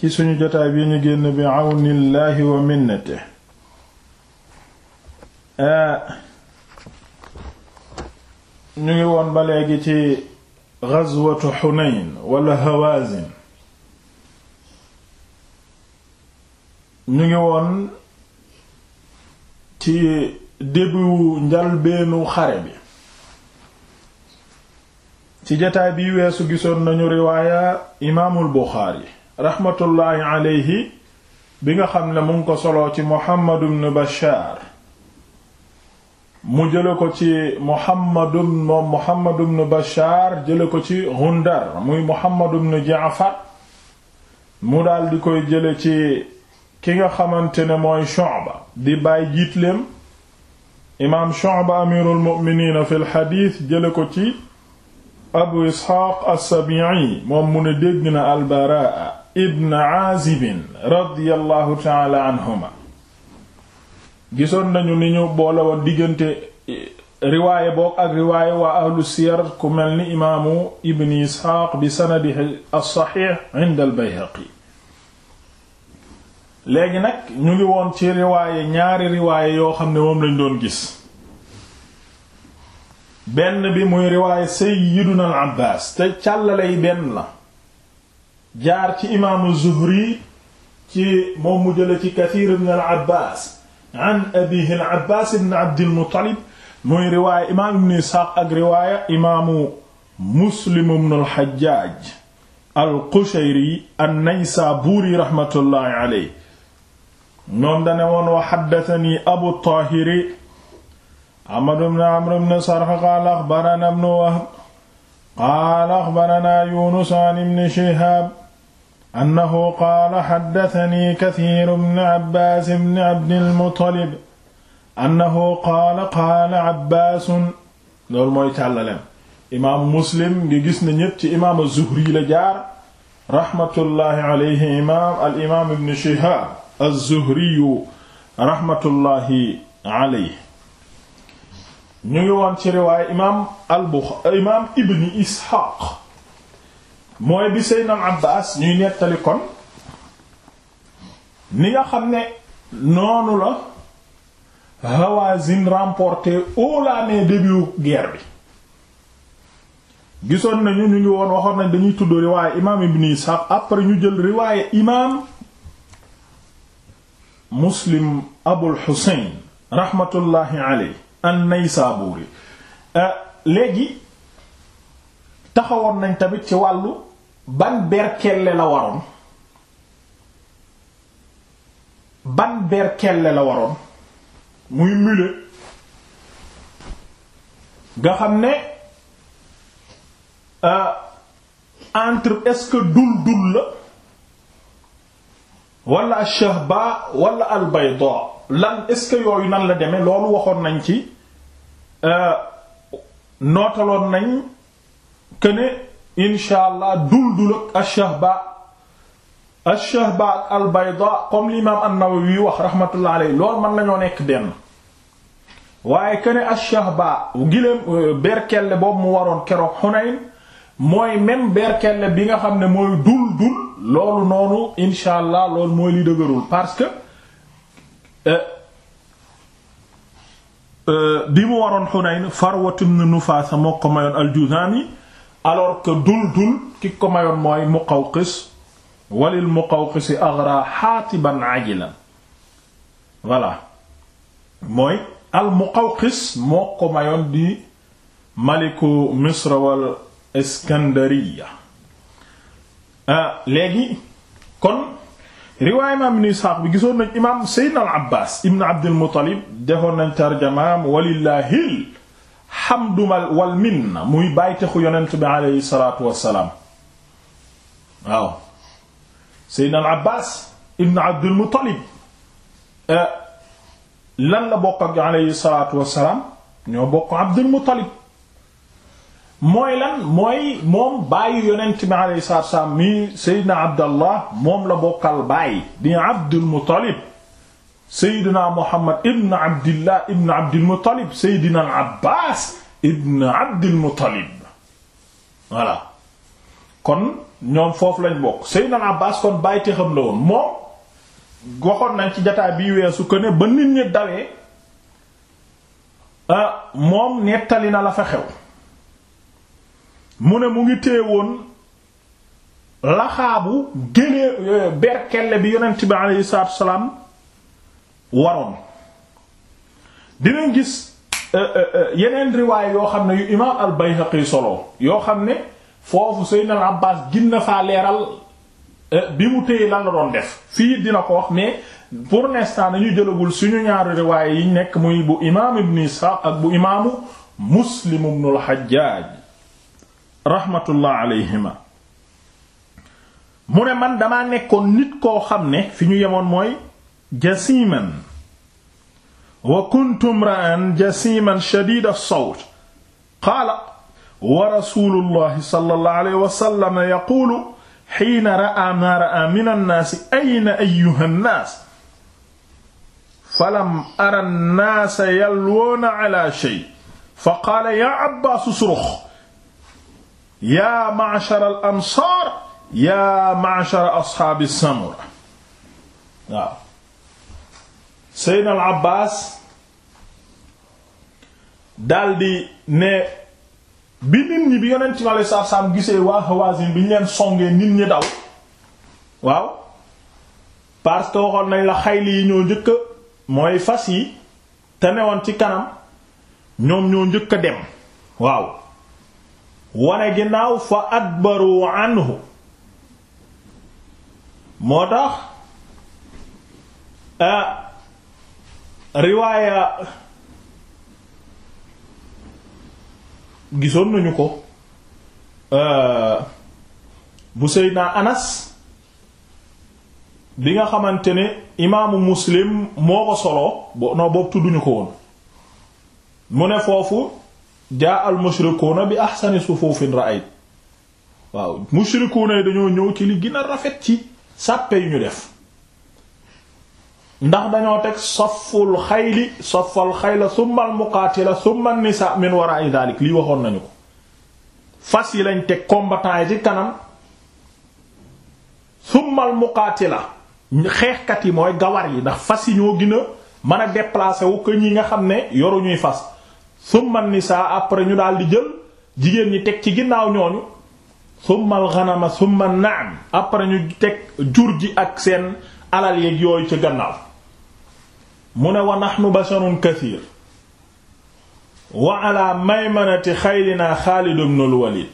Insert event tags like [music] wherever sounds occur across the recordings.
ci suñu jotaay bi ñu génn bi àwnillaahi wa minnate ñu ngi woon ba léegi ci ghazwatu xuneyn wala hawazin ñu ngi woon ci début njalbeenu xare bi ci jotaay bi weesu gisoon nañu riwaaya imaamul buxaari raxmatullaahi aleyhi bi nga xam ne mu ngi ko soloo ci Muhammad ibn Bashaar mu jële ko ci Muhammad moom Muhammad ibn Bashaar jële ko ci Gundar muy Muhammad ibn Jaafar mu daal di koy jële ci ki nga xamante ne mooy Shu'ba di bàyyi jiitleem imaam Shu'ba amirul mu'miniina fil xadiis jële ko ci Abu Isxaaq as-Sabi'i moom mu ne dégg na al-Baraa ibn aazibin radiyallahu taala anhuma gisoon nañu ni ñu boole woon diggante e, riwaaye boog ak riwaaye waa ahlu siyar ku mel ni imaamu ibn isxaaq bi sanadihi as-saxiix inda al-bayhaqi léegi nag ñu ngi woon ci riwaaye ñaari riwaaye yoo xam ne moom lañ doon gis benn bi muy riwaaye sayyiduna al-abbaas te càllale yi benn la jaar ci imaamu Zuhri ci moom mu jële ci Kathir ibn al-Abbas an abihi al-Abbas ibn Abdil Muttalib muy riwaaya imaam ibn Isxaaq ak riwaaya imaamu Muslim ibn al-Hajjaj al-Qushayri an-Naysaburi rahmatullahi alayhi ñoom dane woon wa haddathani Abu Tahiri Ahmad ibn Amr ibn Sarh qaala axbarana ibn Wahb qaala axbarana Yunus an ibn Shihab annahu qaala xaddatani kasiiru bnu abbaas bnu abdil muttalib annahu qaala qaala abbaasun loolu mooy càllaleem imaam muslim ngi gis na ñépp ci imaam az-zuhri la jaar raxmatullaahi alayhi imaam al imaam ibn shihaab az-zuhri raxmatullaahi alayhi ñu ngi woon ci riwaaya imaam al buxaari imaam ibn isxaaq mooy bi seynal Abbaas ñuy nettali kon ni nga xam ne noonu la Hawazin remporté haut la main début bi gisoon nañu ñu ngi woon waxoon nañ dañuy tudd riwaaye imaam Ibn Ishaq après ñu jël riwaaye imaam Muslim Abul Husayn rahmatullahi alayhi an-Naysaburi euh, léegi taxawoon nañ tamit ci wàllu ban berkelle la waroon ban berkelle la waroon muy mule nga xam ne euh, entre est-ce dul dul la wala ash-shahba wala al-bayda lan est yooyu nan la demee loolu waxoon nañ ci euh, nootaloon nañ que incha allah duldul ak ashahba ashahba ak albayda comme l'imam an-Nawawi wax rahmatullah alayhi loolu mën nañoo nekk benn waaye kene ashahba giléem euh, berkelle boobu mu waroon keroog Hunayn mooy même berkelle bi nga xam ne mooy dul dul loolu noonu incha allah loolu mooy li dëgërul parce que euh, euh, bi mu waroon Hunayn Farwat ibn Nufasa mayoon al-Juzami alors que dul dul ki ko mayoon mooy Muqawqis walil Muqawqisi aghra xaatiban ajilan voilà mooy al Muqawqis moo ko mayoon di maliku Misra wal Iskandariya ah, léegi kon riwaay imaam ibn Isxaaq bi gisoon nañ imaam Seydina al Abbaas ibn Abdul Muttalib defoon nañ tarjamaam walillaahil xamdu wal minna muy bàytexu yonent bi aleyhi salaatu wassalaam waaw seydna al abbas ibn abdul muttalib eh, lan la bokk ak aleyhi salaatu wassalaam ñoo bokk abdul muttalib mooy lan mooy moom bàyyi yonent bi aleyhi salaatu wassalaam mi seydna abdallah moom la bokkal bàyyi di abdul muttalib seydina muhammad ibn abdillah ibn abdil muttalib abbaas ibn abdil muttalib kon ñoom foofu lañ bokk seydina abbaas kon bàyyi xam la woon moom goxoon nañ ci jataay bi weesu ko ne ba nit ñi dawee ah, moom nettali na la fa xew mu ne mu ngi téye woon laxaabu génnee euh, berkelle bi yonent bi aleyhi salaatu wa salaam waroon dinañ gis euh, euh, euh, yeneen riwaay yoo xam ne yu imaam al-Bayhaqi solo yoo xam ne foofu Seydina al gin ginna faa leeral bi mu téye lan la doon def fii dina ko wax mais pour na dañu jëlagul suñu ñaari riwaay yi nekk muy bu imaam Ibn Isxaaq ak bu imaamu Muslim ibn al-Hajjaaj mu ne man damaa nekkoon nit koo xam ne fi ñu yemoon mooy. jasiman wa kuntu imra'an jasiman shadiid as-sawt qaala wa rasuulullahi sallallahu alayhi wa sallam yaquulu hiina ra'aa maa ra'aa mina nnaasi ayna ayyuha nnaas falam ara nnaasa yalwoona calaa shay faqaala yaa abbaasu surux yaa ma'shara al-ansaar yaa ma'shara ashaabi samura waaw seydna al abbaas daldi ne bi nit ñi bi yonent mi alei satu salaam gisee waa Hawazin bi ñu leen songee nit ñi daw waaw parce que waxoon nañ la xayli yi ñoo njëkk mooy fas yi te newoon ci kanam ñoom ñoo njëkk a dem waaw wane ginnaaw fa adbaru anhu moo tax ah, riwaaya gisoon nañu ko euh, bu Seydina Anas bi nga xamante ne imaamu Muslim moo ko soloo bo non boobu tudduñu ko woon mu ne foofu jaa al mushrikuuna bi ahsani sufufin ra'ayt waaw mushrikuuna yi dañoo ñëw ci li gën a rafet ci sàppe yu ñu def ndax dañoo teg saful xayli safal xayla summa al muqaatila summa an nisa min dalik lii waxoon nañu ko fas yi lañ teg combattant ci kanam summa al muqaatila xeexkat yi mooy gawar yi ndax fas yi ñoo gën mën a déplacer wu ko ñi nga xam ne yoru ñuy fas summa an nisa après ñu daal di jël jigéen ñi teg ci ginnaaw ñooñu summa al ghanama summa an après ñu teg jur ji ak seen alal yeeg yooyu ci gannaaw mu ne wa nahnu basharun kathir wa ala maymanati xayrina Xaalid ibn al-Walid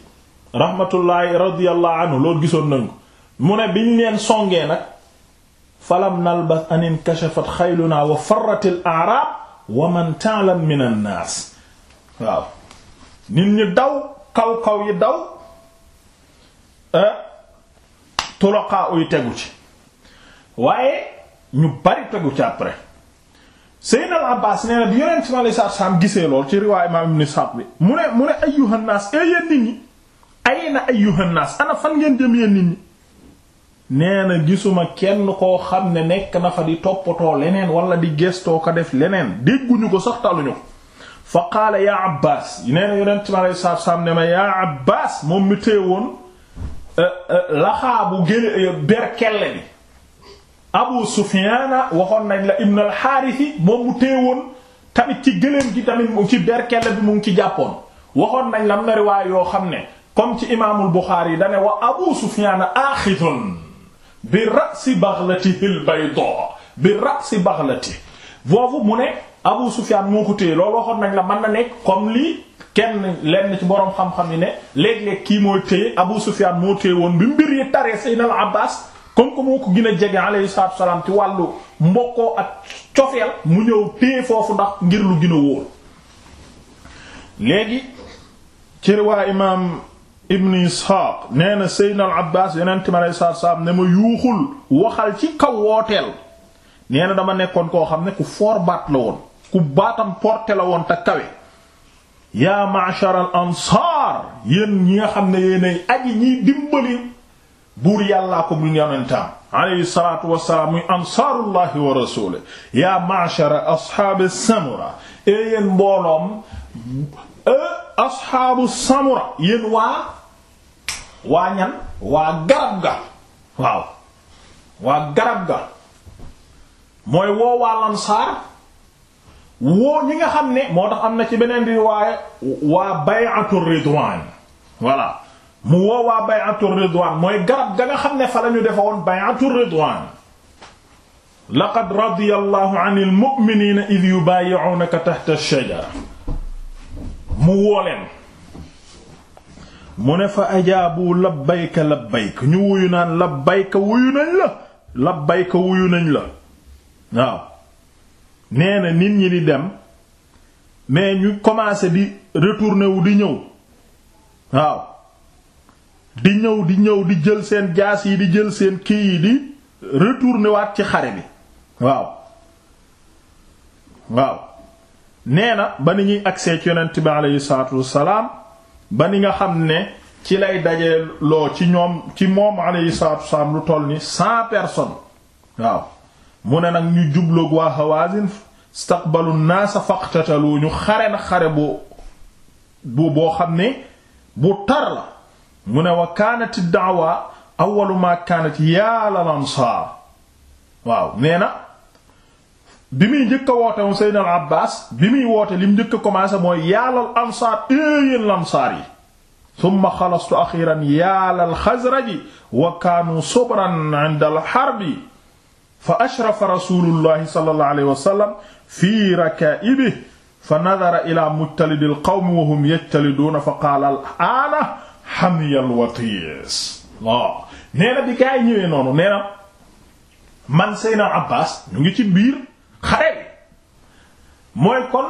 rahmatullahi radiyallahu anhu loolu gisoon nañu ko mu ne biñ leen songee nag falam nalbas an inkashafat xayluna wa farratil a'rab wa man ta'lam min an-nas waaw nit ñi daw kaw kaw yi daw ah, tuloqaa uy tegu ci waaye ñu bari tegu ci après Seydina al Abbaas nee na bi yonent bi gisee lool ci riwaay imaam Ibn Sa'd bi mu ne mu ne ayyuhan naas e yéen nit ñi ayna ayyuhan naas ana fan ngeen jëm yéen nit ñi nee na gisuma kenn koo xam ne nekk na fa di toppatoo leneen wala di gestoo ko def leneen dégguñu ko sax taluñu ko fa qaala yaa Abbaas nee na yonent bi ne ma yaa Abbaas moom mi téye woon eh, eh, laxaabu gële berkelle bi Abu Sufyaan waxoon nañ la Ibn al-Haaris moom mu teewoon tamit ci gëléem gi tamit mu ci berkelle bi mu ngi ci jàppoon waxoon nañ la am na riwaay yoo xam ne comme ci imaamul Buxaari yi dane wa Abu Sufyaan aaxidun bi ra'si baghlatihi al-baydaa bi ra'si baghlatihi foofu mu ne Abu Sufyaan moo ko loo waxoon nañ la man na nekk comme lii kenn lenn ci boroom xam-xam yi ne léeg-léeg kii mooy téye Abu Sufyaan moo téye woon bi mbir yi taree Seydina Abbaas comme que moo ko gën a jege alayhi salaam ci wàllu mbokkoo ak cofeel mu ñëw téye foofu ndax ngir lu gën a wóor léegi ci riwaa imaam ibn isxaaq nee na seydna al abbas yonent mi alayhi salaatu salaam ne ma yuuxul waxal ci kaw wooteel nee na dama nekkoon koo xam ne ku foor baat la woon ku baatam porté la woon te kawe yaa ma'shar al ansaar yéen ñi nga xam ne yéenay aji ñiy dimbali buur yàllaa ko bu yonentam alayhi salaatu wassalaam muy ansaarullahi wa rasuule yaa ma'shara ashaabi samura yéen mbooloom ashaabu samura yéen waa waa ñan waa garab ga waaw waa garab ga mooy woo waa lansaar woo ñi nga xam ne moo tax am na ci beneen riwaaya waa bay'atu ridwaan voilà mu woowaa bay'atur ridwaan mooy garab ga nga xam ne fa la ñu defoon bay'atur ridwaan laqad radiyallahu anil mu'minina idh yubayi'unaka tahta ash-shajara mu wooleen mu ne fa ajaabu labbayka labbayka ñu wuyu naan nañ la labbayka wuyu nañ la waaw nee na nit ñi di dem mais ñu commencé di retourner wu di ñëw di ñëw di ñëw di jël seen jaas yi di jël seen kii yi di retourner ci xare bi waaw waaw nee na ba ni ñuy agsee ci yonent bi aleyhi salaatu wassalaam ba ni nga xam ne ci lay dajee loo ci ñoom ci moom aleyhi salaatu lu toll ni cent personnes waaw mu ne nag ñu jubloog waa Hawazin staqbalu naasa faqtatalu ñu xare na xare bu boo xam ne bu tar la mu ne wa kaanati daawa awwalu ma kaanat yaa lal ansaar waaw nee na bi muy njëkk a woote moom Seydina al Abbaas bi muy woote li mu njëkk a commencé mooy yaa lal ansaar yéen lansaar yi summa xalastu axiran yaa lal xasraji wa kaanu sobran inda al xarbi fa ashrafa rasuulullahi sallallahu alayhi wa sallam fi rakaa'ibihi fa nadara ila mujtalidil qawmi wa hum yajtaliduuna fa qaala al aana hamiyal watis waaw nee na bi gaa yi ñëwee noonu nee na man Seydina Abbas ñu ngi ci biir xare bi mooy kon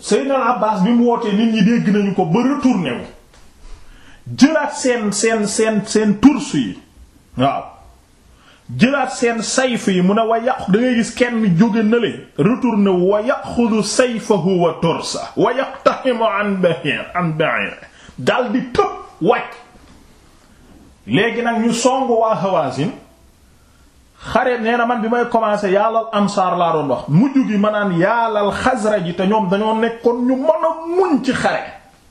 Seydina Abbas bi mu wootee nit ñi dégg nañu ko ba retourné wu jëlaat seen seen seen seen tours yi waaw jëlaat seen sayf yi mu ne wa yàqu da gis kenn jóge na le retourné wu wa yaxudu sayfahu torsa wa yaqtahimu an bahir an bahir dal tëb wàcc léegi nag ñu song waa Hawazin xare nee na man bi may commencé yàllal ansaar laa doon wax mujj gi ma naan yàllal Xasraj te ñoom dañoo nekkoon ñu mën a muñ ci xare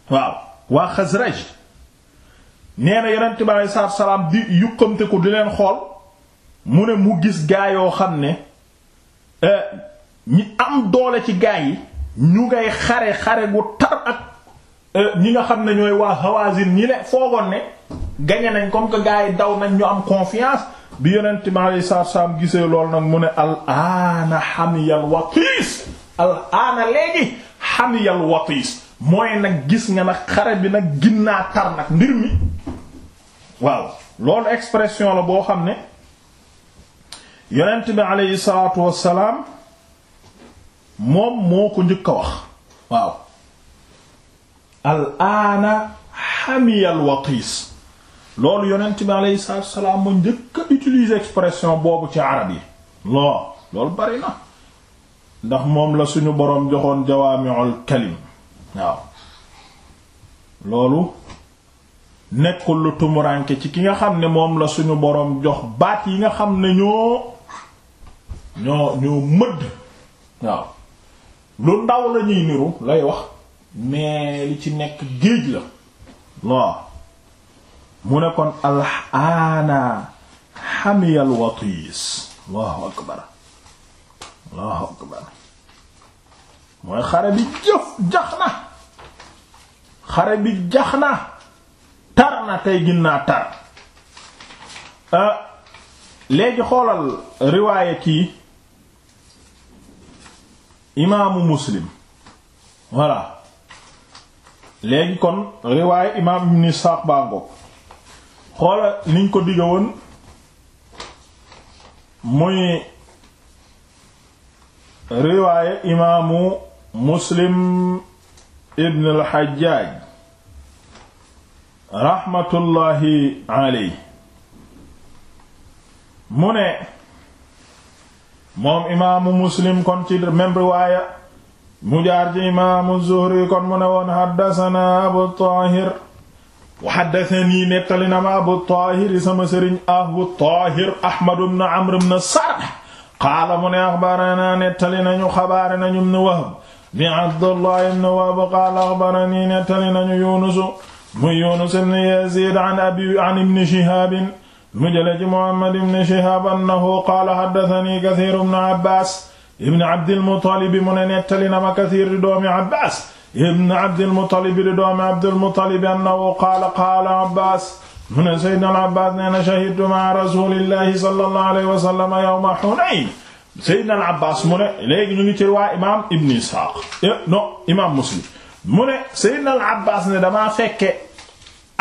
waaw waa Xasraj nee na yonent bi aleyhi salaam di yukkamte ko di leen xool mu ne mu gis gaa yoo xam ne eh, ñi am doole ci gaa yi ñu ngay xare xare gu tar ak Euh, ñi nga xam ne ñooy waa Hawazin ñi ne foogoon ne gañe nañ comme que gars yi daw nañ ñu am confiance bi yonent mi alayhi salaatu salaam gisee lool nag mu ne al aana watiis al aana léegi watiis mooy nag gis nga nag xare bi nag ginnaa tar nag mbir mi waaw loolu expression la boo xam ne yonent bi alayhi salaatu wassalaam moom moo ko njëkk a wax waaw al aana xamiyal waqiis loolu yonent bi aleyhi salaatu wa salaam mu njëkk a utiliser expression boobu ci arab yi loo loolu bari na ndax moom la suñu boroom joxoon jawaami'ul kalim waaw loolu nekkul lu tumuraanke ci ki nga xam ne moom la suñu boroom jox baat yi nga xam ne ñoo ñoo ñoo mëdd waaw lu ndaw la ñuy niru lay wax mais li ci nekk géej la waaw mu ne kon alxaana xamiyal watiis allahu akbar allahu akbar mooy xare bi jëf jax na xare bi jax na tar na tey ginnaa tar euh, léegi xoolal riwaaya kii imaamu muslim voilà léegi kon riwaaye imaam ibn baa ngoog xoola niñ ko digga woon muy riwaaye imaamu Muslim ibn al raxmatullaahi aley mu ne moom imaamu Muslim kon ci même riwaaya mu jaar ci imaamu Zuhri kon mu ne woon haddasanaa Abu Taahir wa haddathanii nettali na ma Abu Taahir sama sëriñ Abu Taahir Ahmad ibn Amr ibn Sarh qaala mu ne axbaranaa nettali nañu xabaare nañu ibn Wahb bi Abdullah ibn Wahb qaala axbaranii nettali nañu Yuunus mu Yuunus ibn Yaziid an abi an ibn Shihaab mu jële ci Muhammad ibn Shihaab annahu qaala haddathanii Kathiir ibn Abbaas ibn abdil muttalib mu ne nettali na ma kasiir di doomi abbaas ibn abdil muttalib di doomi abdul muttalib annahu qaala qaala abbaas mu ne seydna al abbaas nee na shahidtu ma rasulillahi sallallahu alayhi wa sallam yawma hunayn seydna al abbaas mu ne léegi ñu ngi ci waa imaam ibn isxaaq eh, non imaam muslim mu ne seydna al abbaas ne damaa fekke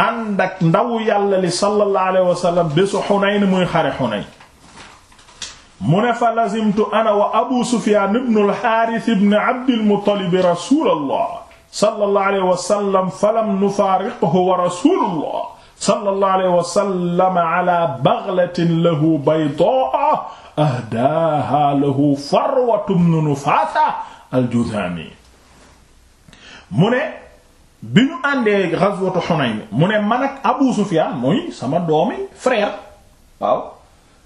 ànd ak ndaw yàlla li sallallahu alayhi wa sallam bésu hunayn muy xare hunayn mu ne fa lazimtu ana wa abu sufyaan ibnu alxaaris ibn abdilmutalib rasulallah sallallahu alayhi wa sallam falam nufaariqhu wa rasulullah sallallahu alayhi wa sallam ala baghlatin lahu baydaa ahdaaha lahu farwatu bnu nufaasa aljuzaami mu ne bi ñu àndee gazwatu Hunayn mu ne man ak abu sufyaan mooy sama doomi frère waaw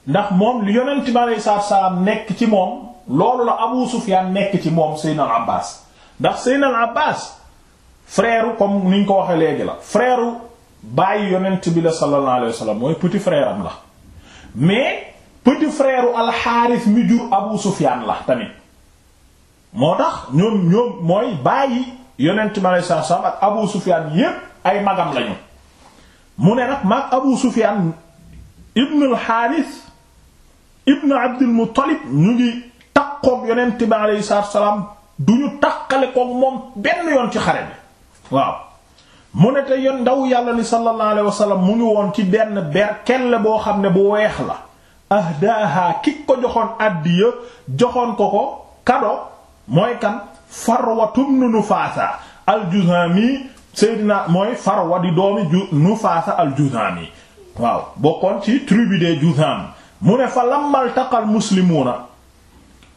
ndax moom li yonent bi aleyhi salaatu salaam nekk ci moom loolu la Abu Sufyaan nekk ci moom Seydina al Abbaas ndax Seydina al Abbaas frère comme ni ko waxee léegi la freeru bàyyi yonent bi la sallallahu alayhi wa mooy petit frère am la mais petit freeru u mi jur Abu Sufyaan la tamit moo tax ñoom ñoom mooy bàyyi yonent bi aleyhi salaatu salaam ak Abu Sufyaan yépp ay magam lañu mu ne nag mag Abu Sufyaan ibn al ibn abdul muttalib ñu ngi takkook yonent bi alayhi salaam du ñu takkale kook moom benn yoon ci xare bi waaw mu ne te ndaw yàlla li sallallahu alayhi mu ngi woon ci benn berkelle boo xam ne bu weex la ahdaaha ki ko joxoon àddiya joxoon ko ko kado mooy kan farwatum nu nufaasa aljuzaami seydina mooy farwa di doomi ju nufaasa aljuzaami waaw bokkoon ci tribu des juzaam mu ne fa lamma altaqal muslimuuna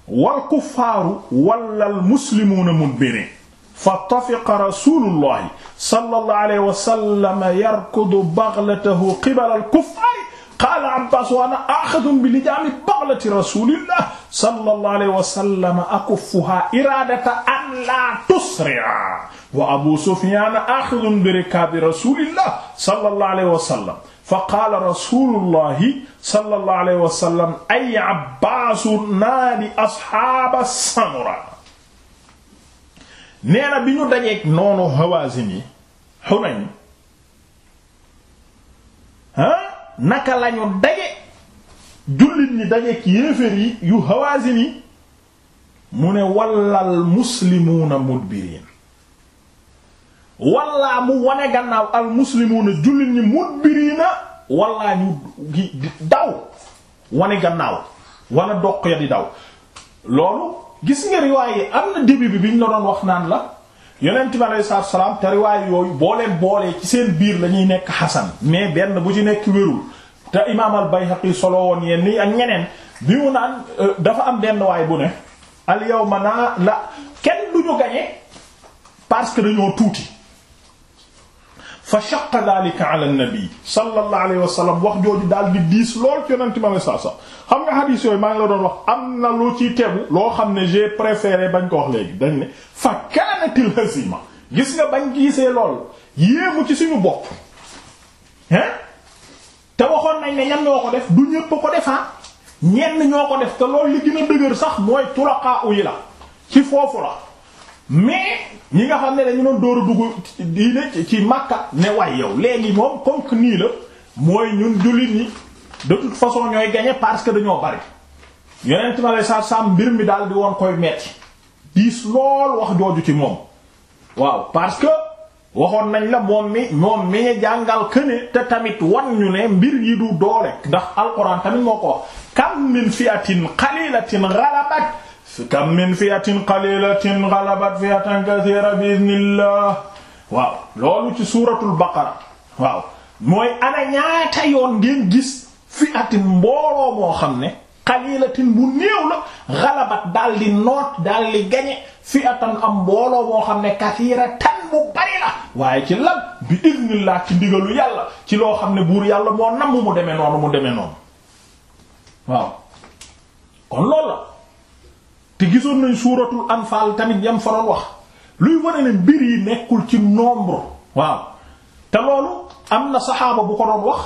wal kuffaaru wallal muslimuuna mudbiriin fa tafiqa rasuulullahi sallallahu alayhi wa sallam yarkudu baghlatahu qibala al kuffaari qaala Abbaas wa ana aaxidun bi lijaami baghlati rasuulillah sallallahu alayhi wa sallam akuffuhaa iraadata an laa tusri'a wa Abuu Sufyaan aaxidun bi rikaabi rasuulillah sallallahu alayhi wa sallam fa qaala rasulullahi sallallahu alayhi wa sallam ay abbaasu naadi asxaaba samura nee na bi ñu dajeeg noonu hawazin yi xunayn ah, naka la ñu jullit ñi dajeeg yéefér yu hawazin yi mu ne wallal muslimuuna mudbiriin walla mu wane gannaaw al muslimuuna jullit ñi mudbiriina walla ñu di daw wane gannaaw wala doq ya di daw loolu gis nga riwaaye am na début bi biñ la doon wax naan la yeneen bi aleyhi salaatu salaam te riwaay yooyu boo leen boolee ci seen biir la ñuy nekk xasan mais benn bu ci nekk wérul te imaam al Bayhaqi solo woon yéen nii ak ñeneen bi mu naan euh, dafa am benn waay bu ne al yawma la kenn du ñu gañe parce que dañoo tuuti fa shaqqa dhalika ala nabi sallallahu alayhi wa sallam wax jooju daal di diis lool ci yonent ma saa sax xam nga hadith yooyu maa ngi la doon wax am na lu ci tegu loo xam ne j'ai préféré bañ ko wax léegi dañ ne fa kaanatil hazima gis nga bañ gisee lool yéemu ci suñu bopp hein te waxoon nañ ne ñan ñoo ko def du ñépp ko defaa ah? ñenn ñoo ko def te loolu li gën a dëgër sax mooy tulaqaa yi la ci foofu la mais ñi nga xam ne dañu doon dóor a dugg diine ci Makka ne waay yow léegi moom comme nii la mooy ñun jullit ñi de toute façon ñooy gagné parce que dañoo bari yonent ma lay sa sam mbir mi daal di woon koy metti diis lool wax jooju ci moom waaw parce que waxoon nañ la moom mi moom mi ñu jàngal këne te tamit wan ñu ne mbir yi du doole ndax alxuraan tamit moo ko kam min fi'atin qalilatin ghalabat kam min fiatin qalilatin ghalabat fiatan kathira bi idnillah waaw loolu ci suuratul baqara waaw mooy ana yoon ngeen gis fiatin mbooloo moo xam ne qalilatin bu néew la ghalabat daal noot daal gañe fiatan am mbooloo moo xam ne kathira tan bu bari la waaye ci lan bi idnillah ci ndigalu yàlla ci loo xam ne buur yàlla moo nam mu deme noonu mu demee noonu waaw kon loolu la te gisoon nañ suuratul anfaal tamit yam fa doon wax luy wane ne mbir yi nekkul ci nombre waaw te loolu am na saxaaba bu ko doon wax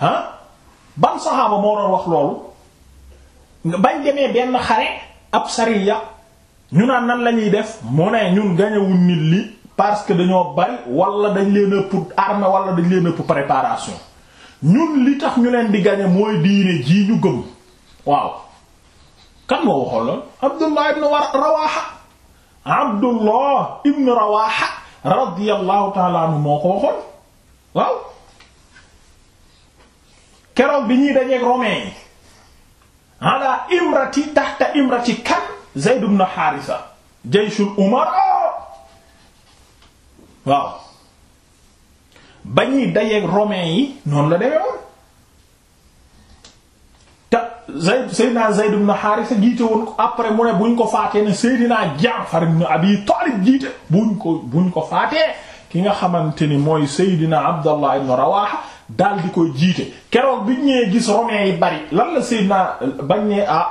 ah ban saxaaba moo doon wax loolu bañ demee benn xare ab sariya ñu naan nan lañuy def mu ne ñun gañewul nit li parce que dañoo bari wala dañ leen ëpp armée wala dañ leen ëpp préparation ñun li tax ñu leen di gañe mooy diine jii ñu gëm waaw kan moo waxoon lool Abdullah ibn Rawaha Abdullah ibn Rawaha radiyallahu waaw keroog bi ñuy dajeek romain yi ala imrati tahta imrati kan Zayd ibn Haarisa jayshul umara waaw ba ñuy dajeek romain yi noonu la demee woon Zayd Seydina Zayd ibn Haarisa jiite woon ko après mu ne buñ ko faatee ne Seydina Jaafar ibn Abi Taalib jiite buñ ko buñ ko faatee ki nga xamante ni mooy Seydina Abdallah ibn Rawaaha daal di koy jiite keroog biñ ñëwee gis romains yi bari lan la Seydina bañ ne ah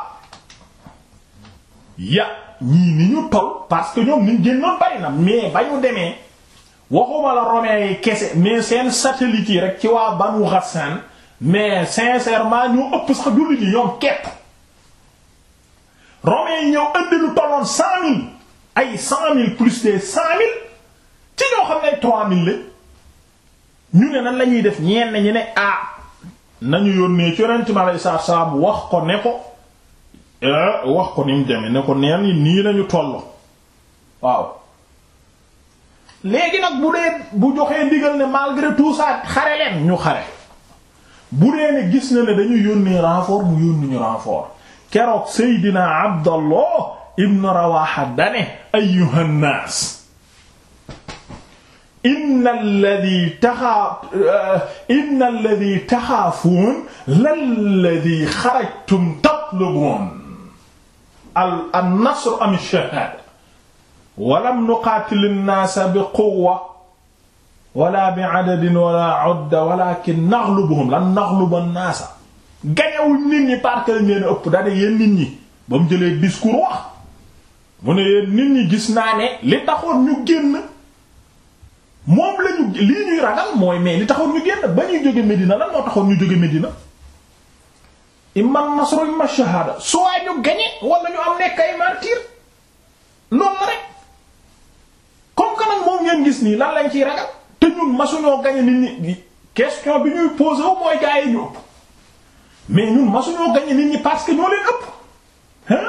ya ñii ni ñu toll parce que ñoom niñ génnoon bari na mais ba ñu demee waxuma la romains yi kese mais seen satellite yi rek ci waa Banu Ghassan mais sincèrement ñu ëpp sax jullit ñi ñoom kepp romains yi ñëw indi lu tolloon cent mille ay cent mille plus des cent mille ci ñoo xam ne trois mille la ñu ne nan def ñenn ñi ne ah nañu yónnee ci yonent mi alayhi salaatu salaam wax ko ne ko eh, wax ko ni mu demee ne ko neen nii lañu toll waaw léegi nag bu dee bu joxee ndigal ne malgré tout xare leen ñu xare bu dee ne gis na ne dañu yónni renfort mu yónni ñu renfort keroog Seydina Abdallah ibn Rawaha dane ayyuhan naas inna alladhi taxaa eh, inna alladhi taxaafuun lalladhi xarajtum tatlubuun al nasru am ash-shahaada walam nuqaatil an-naasa bi quwwa wala bi adadin wala udda walakin naxlubuhum lan naxluba naasa gañewuñ nit ñi parce ëpp dane yéen nit ñi ba jëlee discours wax nit ñi gis naa ne li taxoon ñu mooy mais li taxoon ñu génn ba ñuy jóge Medina lan moo nekk ay martyr noonu la rek comme que moom ngeen gis nii lan lañ ciy ragal te ñun masuñoo gañe nit ñi question bi ñuy posé wu mooy gaa ñu ëpp mais ñun masuñoo gañe nit ñi parce que ñoo leen ëpp hein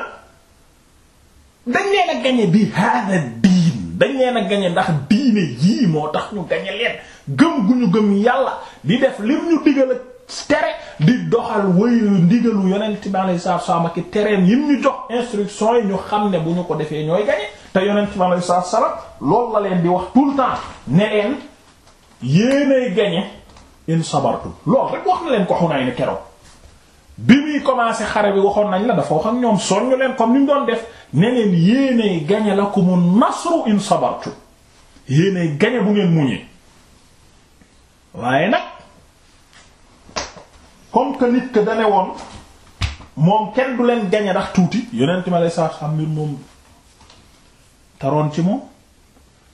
dañ leen a gañe bi hada diin dañ leen a gañe ndax diine yii moo tax ñu gañe leen gëm gu ñu gëm yàlla di def lim ñu digal ak tere di doxal wëyu ndigalu yonent bi alayhi salaatu salaam ak tereen yim ñu jox instruction yi ñu xam ne bu ñu ko defee ñooy gañe te yonent bi alayhi salaatu loolu la leen di wax tout le temps ne leen yéenay gañe in sabartu loolu rek wax na leen ko Hunayn keroog bi muy commencé xare bi waxoon nañ la dafa wax ak ñoom soññu leen comme ni mu doon def ne leen yéenay gañe la ko mu nasru in sabartu yéenay gañe bu ngeen muñee waaye nag comme que nit que dane woon moom kenn du leen gañe ndax tuuti yonent ma lay saa xam mbir moom taroon ci moom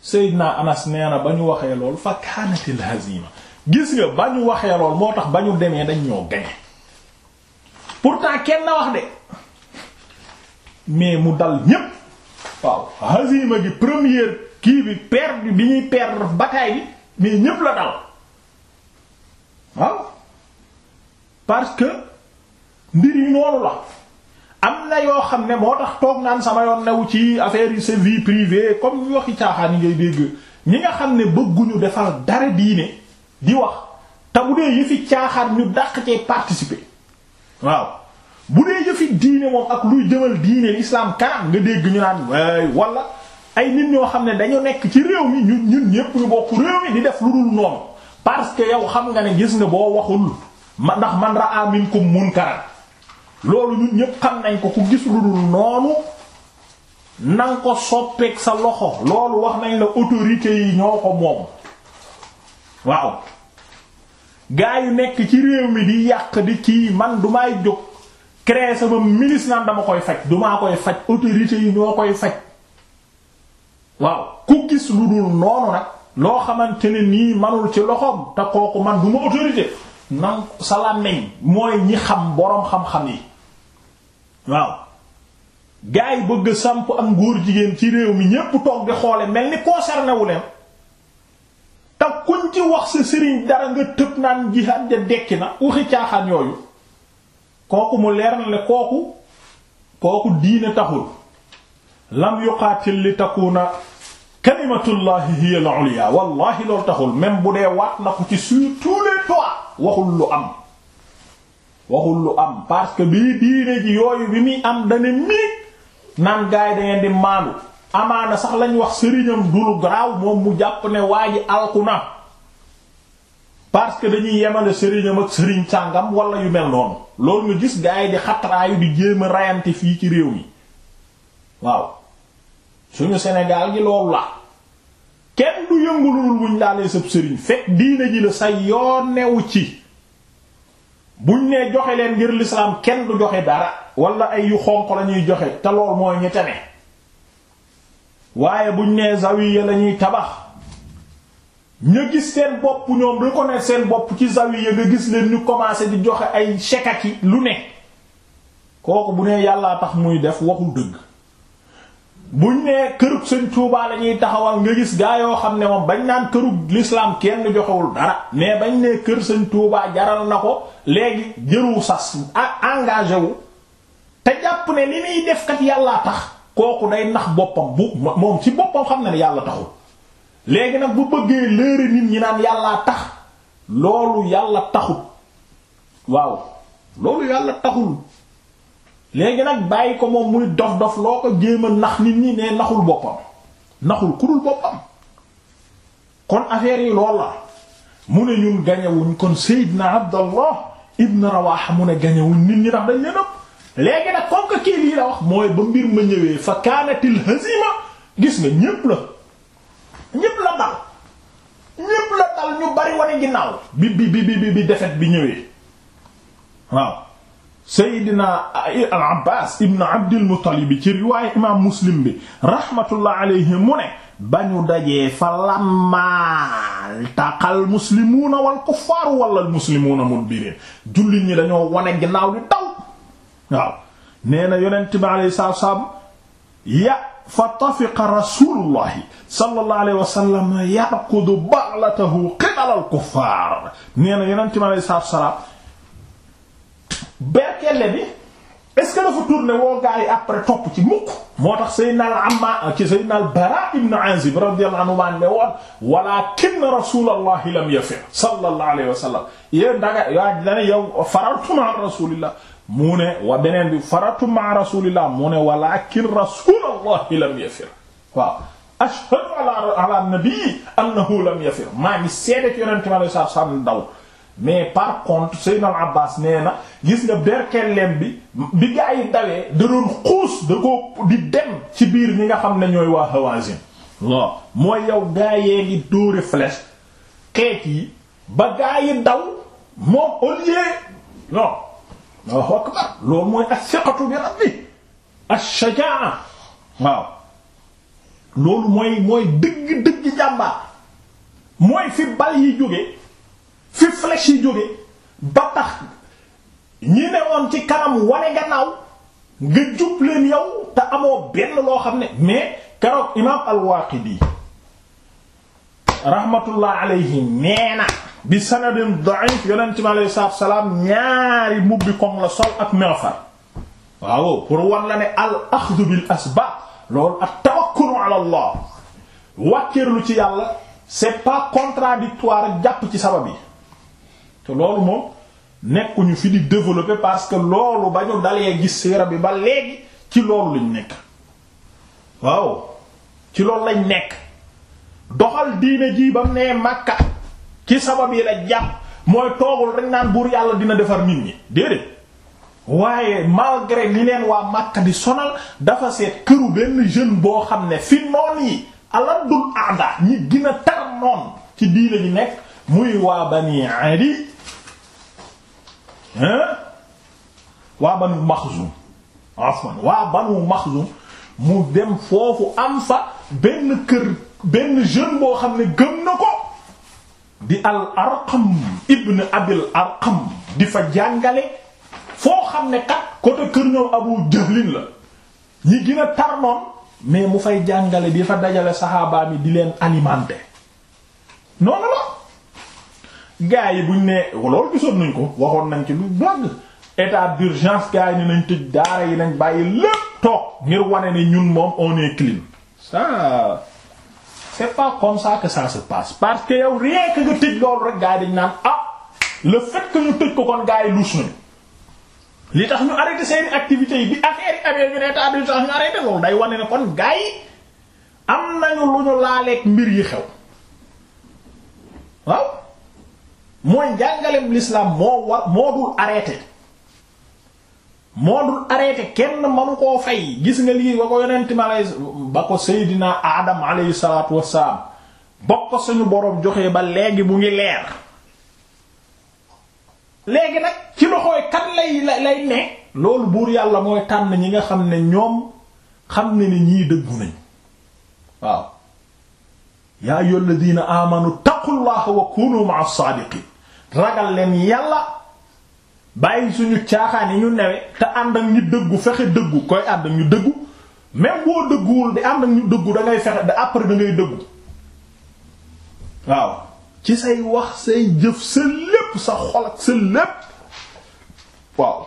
Seydina Anas nee na ba ñu waxee lool fa kaanatil hazima gis nga ba ñu waxee lool moo tax ba ñu demee dañ ñoo gañe pourtant kenn na wax de mais mu dal ñépp waaw hazima gi première kii bi perdre bi ñuy perdre bataille bi mais ñépp la dal waaw parce que mbir yi noonu la am na yoo xam ne moo tax toog naan sama yoon newu ci affaire yi sa vie privée comme waxi caaxaan yi ngay dégg ñi nga xam ne bëgguñu defal dara diine di wax te bu dee yëfi caaxaan ñu dàq cee participer waaw bu dee yëfi diine moom ak luy jëmal diine l'islam kanam nga dégg ñu naan waay wala ay nit ñoo xam ne dañu nekk ci réew mi ñun ñun ñépp ñu bokk réew mi di def lu dul noonu parce que yow xam nga ne gis nga boo waxul ndax man ra amin kum munkar loolu ñun ñépp xam nañ ko ku gis lu dul noonu na nga ko soppeek sa loxo loolu wax nañ la autorité yi ñoo ko moom waaw gaa yu nekk ci réew mi di yàq di ci man dumay jóg créer sama ministre naan dama koy faj dumaa koy faj autorité yi ñoo koy faj waaw ku gis lu dul noonu nag loo xamante ne nii manul ci loxoom te kooku man duma ma autorité nan sa làmmiñ mooy ñi xam boroom xam-xam yi waaw gars yi bëgg samp am góor jigéen ci réew mi ñépp toog di xoole mel ni concerné wu leen te kuñ ci wax sa sëriñ dara nga tëb naan jihaad dekki na waxi caaxaan yooyu kooku mu leer na ne kooku kooku diine taxul lam yuqaatil li takuna kalimatullahi hiya al-ulya wallahi loolu taxul même bu dee waat na ko ci sur tous les waxul lu am waxul lu am parce que bii diine ji yooyu bi muy am dane miig naan gaay da di maandu amaana sax lañu wax sëriñam du lu garaaw moom mu jàpp ne waa ji alku na parce que dañuy yemale sëriñam ak sëriñ sàngam wala yu mel noonu loolu nga gis gaay di xatraayu di jéem a rayante fii ci réew mi waaw suñu Sénégal gi loolu la kenn du yëngu lu dul buñ sëriñ fekk diine ji la sa yoon newu ci buñ nee joxe leen ngir l'islam kenn du joxe dara walla ay yu xonq la ñuy joxe te lool mooy ñi tane waaye buñ nee zawiya la ñuy tabax ñu gis seen bopp ñoom reconnaître seen bopp ci zawiya nga gis leen ñu commencé di joxe ay chekaki lu ne kooku bu nee yàllaa tax muy def waxul dëgg buñ nee kërug sëñ Tuubaa la ñuy taxawal nga gis gaa yoo xam ne moom bañ naan këru l'islam kenn joxewul dara mais bañ nee kër sëñ Tuubaa jaral na ko léegi jëru sas ak engagé te jàpp ne li muy def kat yàllaa tax kooku day ndax boppam bu moom ci boppam xam na ne yàlla taxul léegi nag bu bëggee léere nit ñi naan yàllaa tax loolu yàlla taxul waaw loolu yàlla taxul léegi nag bàyyi ko moom muy dof dof loo ko jéem a nax nit ñi ne naxul boppam naxul kudul boppam kon affaire yi lool la mu ne ñun gañewuñ kon Seydina Abdallah ibn Rawaha mu ne gañewuñ nit ñi ndax dañ leen ëpp nag comme que kii lii la wax mooy ba mbir ma ñëwee fa kaanatil hazima gis nga ñépp la ñépp la dal ñépp la dal ñu bari wane ginnaaw bi bi bi bi bi defet bi ñëwee waaw Seydina al Abbaas ibn Abdil Muttalib ci riwaayu imaam Muslim bi rahmatullah alayhi mu ne ba ñu dajee fa lammaal taqal muslimuuna wal kuffaaru wala muslimuuna mudbiriin jullit ñi dañoo wane ginnaaw di daw waaw nee na yonent bi alayhi salaatu wassalaam ya fa tafiqa rasuulullahi sallallahu alayhi wa sallam yarkudu ba'latahu qibala al kuffaar nee na yonent bi alayhi salaatu wassalaam berkelle bi est-ce que dafa tourné woo gaa yi après topp ci moo tax Seydina al-Amma ci Seydina al-Bara ibn Azib radiyallahu lam yafi sallallahu alayhi wa sallam yéen da nga yaa dana yow faratu ma Rasulillah mu wa beneen bi faratu ma Rasulillah mu ne walakin Rasulullah lam yafi waaw ashhadu ala nabi annahu lam yafi maa ngi seede ci yonente mi alayhi salaatu wa salaam daw mais par contre Seydina Abbas nee na gis nga berkelleem bi bi gaa yi dawee da doon xuus da ko di dem ci biir ñi nga xam ne ñooy waa Hawazin mooy yow gaa yee ngi dóore flèche xeec yi ba gaa yi daw moom au lieu non waaw akbar loolu mooy as-siqatu bi rabbi ash-shajaa waaw loolu mooy mooy dëgg dëgg jàmbaar mooy fi bal yi jóge fi flèche yi jóge ba tax ñi newoon ci kanam wane gannaaw nga jub leen yow te amoo benn loo xam ne mais keroog imaam al-Waaqidi rahmatullah alayhi nee na bi sanadin da'if yonent mi alayhi salaatu salaam ñaari mubbi koŋ la sol ak meefar waaw pour war la ne al axdu bil asbaab loolu ak tawakkulu ala wàkkeerlu ci yàlla c'est pas contradictoire ak jàpp ci sabab yi te loolu moom nekkuñu fi di développer parce que loolu ba ñu dalee gis siira bi ba léegi ci loolu lañ nekk waaw ci loolu lañ nekk doxal diine ji ba mu nee Makka ci sabab yi la jàpp mooy toogul rek naan buur yàlla dina defar nit ñi déedéet waaye malgré li leen waa Makka di sonal dafa seet këru benn jeune boo xam ne fi noon yi aladul aada ñi gën tar noon ci diine ji nekk muy waa Bani Ali waa banu maxzum afwan waa banu maxzum mu dem foofu am fa benn kër benn jeune boo xam ne gën na ko di al arqam ibn abil arqam di fa jàngale foo xam ne kat côté kër ñoom abu jahlin la ñi gën a noon mais mu fay jàngale bi fa dajale saxaabaa mi di leen alimenter noonu la gars yi buñ nee loolu gisoon nañ ko waxoon nañ ci lu bàgg état d'urgence gars yi ni nañ tëj daara yi nañ bàyyi lépp toog ngir wane ne ñun moom on est clean ça c'est pas que parce que yow rien que nga tëj loolu rek gars yi dañ naan ah le fait que ñu tëj ko kon gars yi luus nañu li tax ñu arrêté seen activités yi bi affaire yi amee état d'urgence ñu arrêté loolu day wane ne kon gars yi am nañu lu ñu laaleeg mbir yi xew mooy jàngalem l'islam moo war moo dul arrêté moo dul arrêté kenn manu koo fay gis nga lii ba ko yonent ma lay Adam alayhi salaatu bokk suñu boroom joxe ba léegi bu ngi leer léegi nag ci loxooy kan lay lay ne loolu buur yàlla mooy tànn ñi nga xam ne ñoom xam ne ni ñii dëggu nañ waaw yaa ayyuhal ladina amanu taqullaha wa kunu ma'as sadiqin ragal leen yàlla bàyyi su caaxaan yi ñu newe te ànd ak ñu dëggu fexe dëggu koy ànd ak ñu dëggu même boo dëgguwul di ànd ak ñu dëggu da fexe da après da ngay dëggu waaw ci say wax say jëf sa lépp sa xol ak sa lépp waaw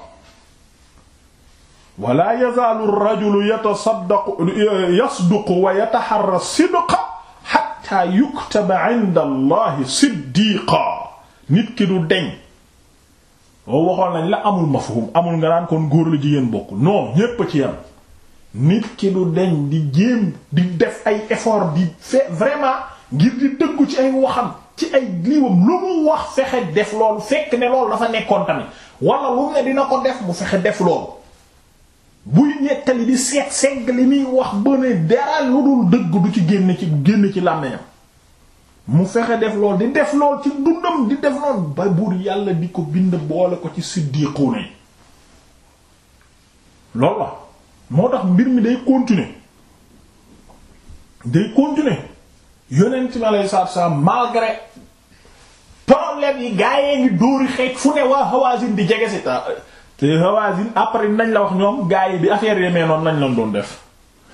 wala yazaalu rajulu yatasaddaqu yasduqu wa yataharra sidqa hatta yuktaba inda allahi siddiqa nit ki du deñ boo waxoon nañ la amul mafhum amul nga naan koon góor la jigéen bokkul non ñépp a ci yam nit ki du deñ di jéem di def ay effort di fait vraiment ngir di dëggu ci ay waxam ci ay liiwam lu mu wax fexe def loolu fekk ne loolu dafa nekkoon tamit wala lu ne dina ko def bu fexe def loolu buy nettali di seet segg li muy wax ba ne dara lu dul dëgg du ci génn ci génn ci làmmiñam mu fexe def lool di def lool ci dundam di def lool ba buur yàlla di ko bind boole ko ci siddiquuna yi loolu la moo tax mbir mi day continuer day continuer yonent mi alayhi salaatu salaam malgré problème yi gaa yee ngi dóori xeej fu ne waa Hawazin di jege si ah, te Hawazin après nañ la wax ñoom gaa bi affaire yemee noonu lañ leen doon def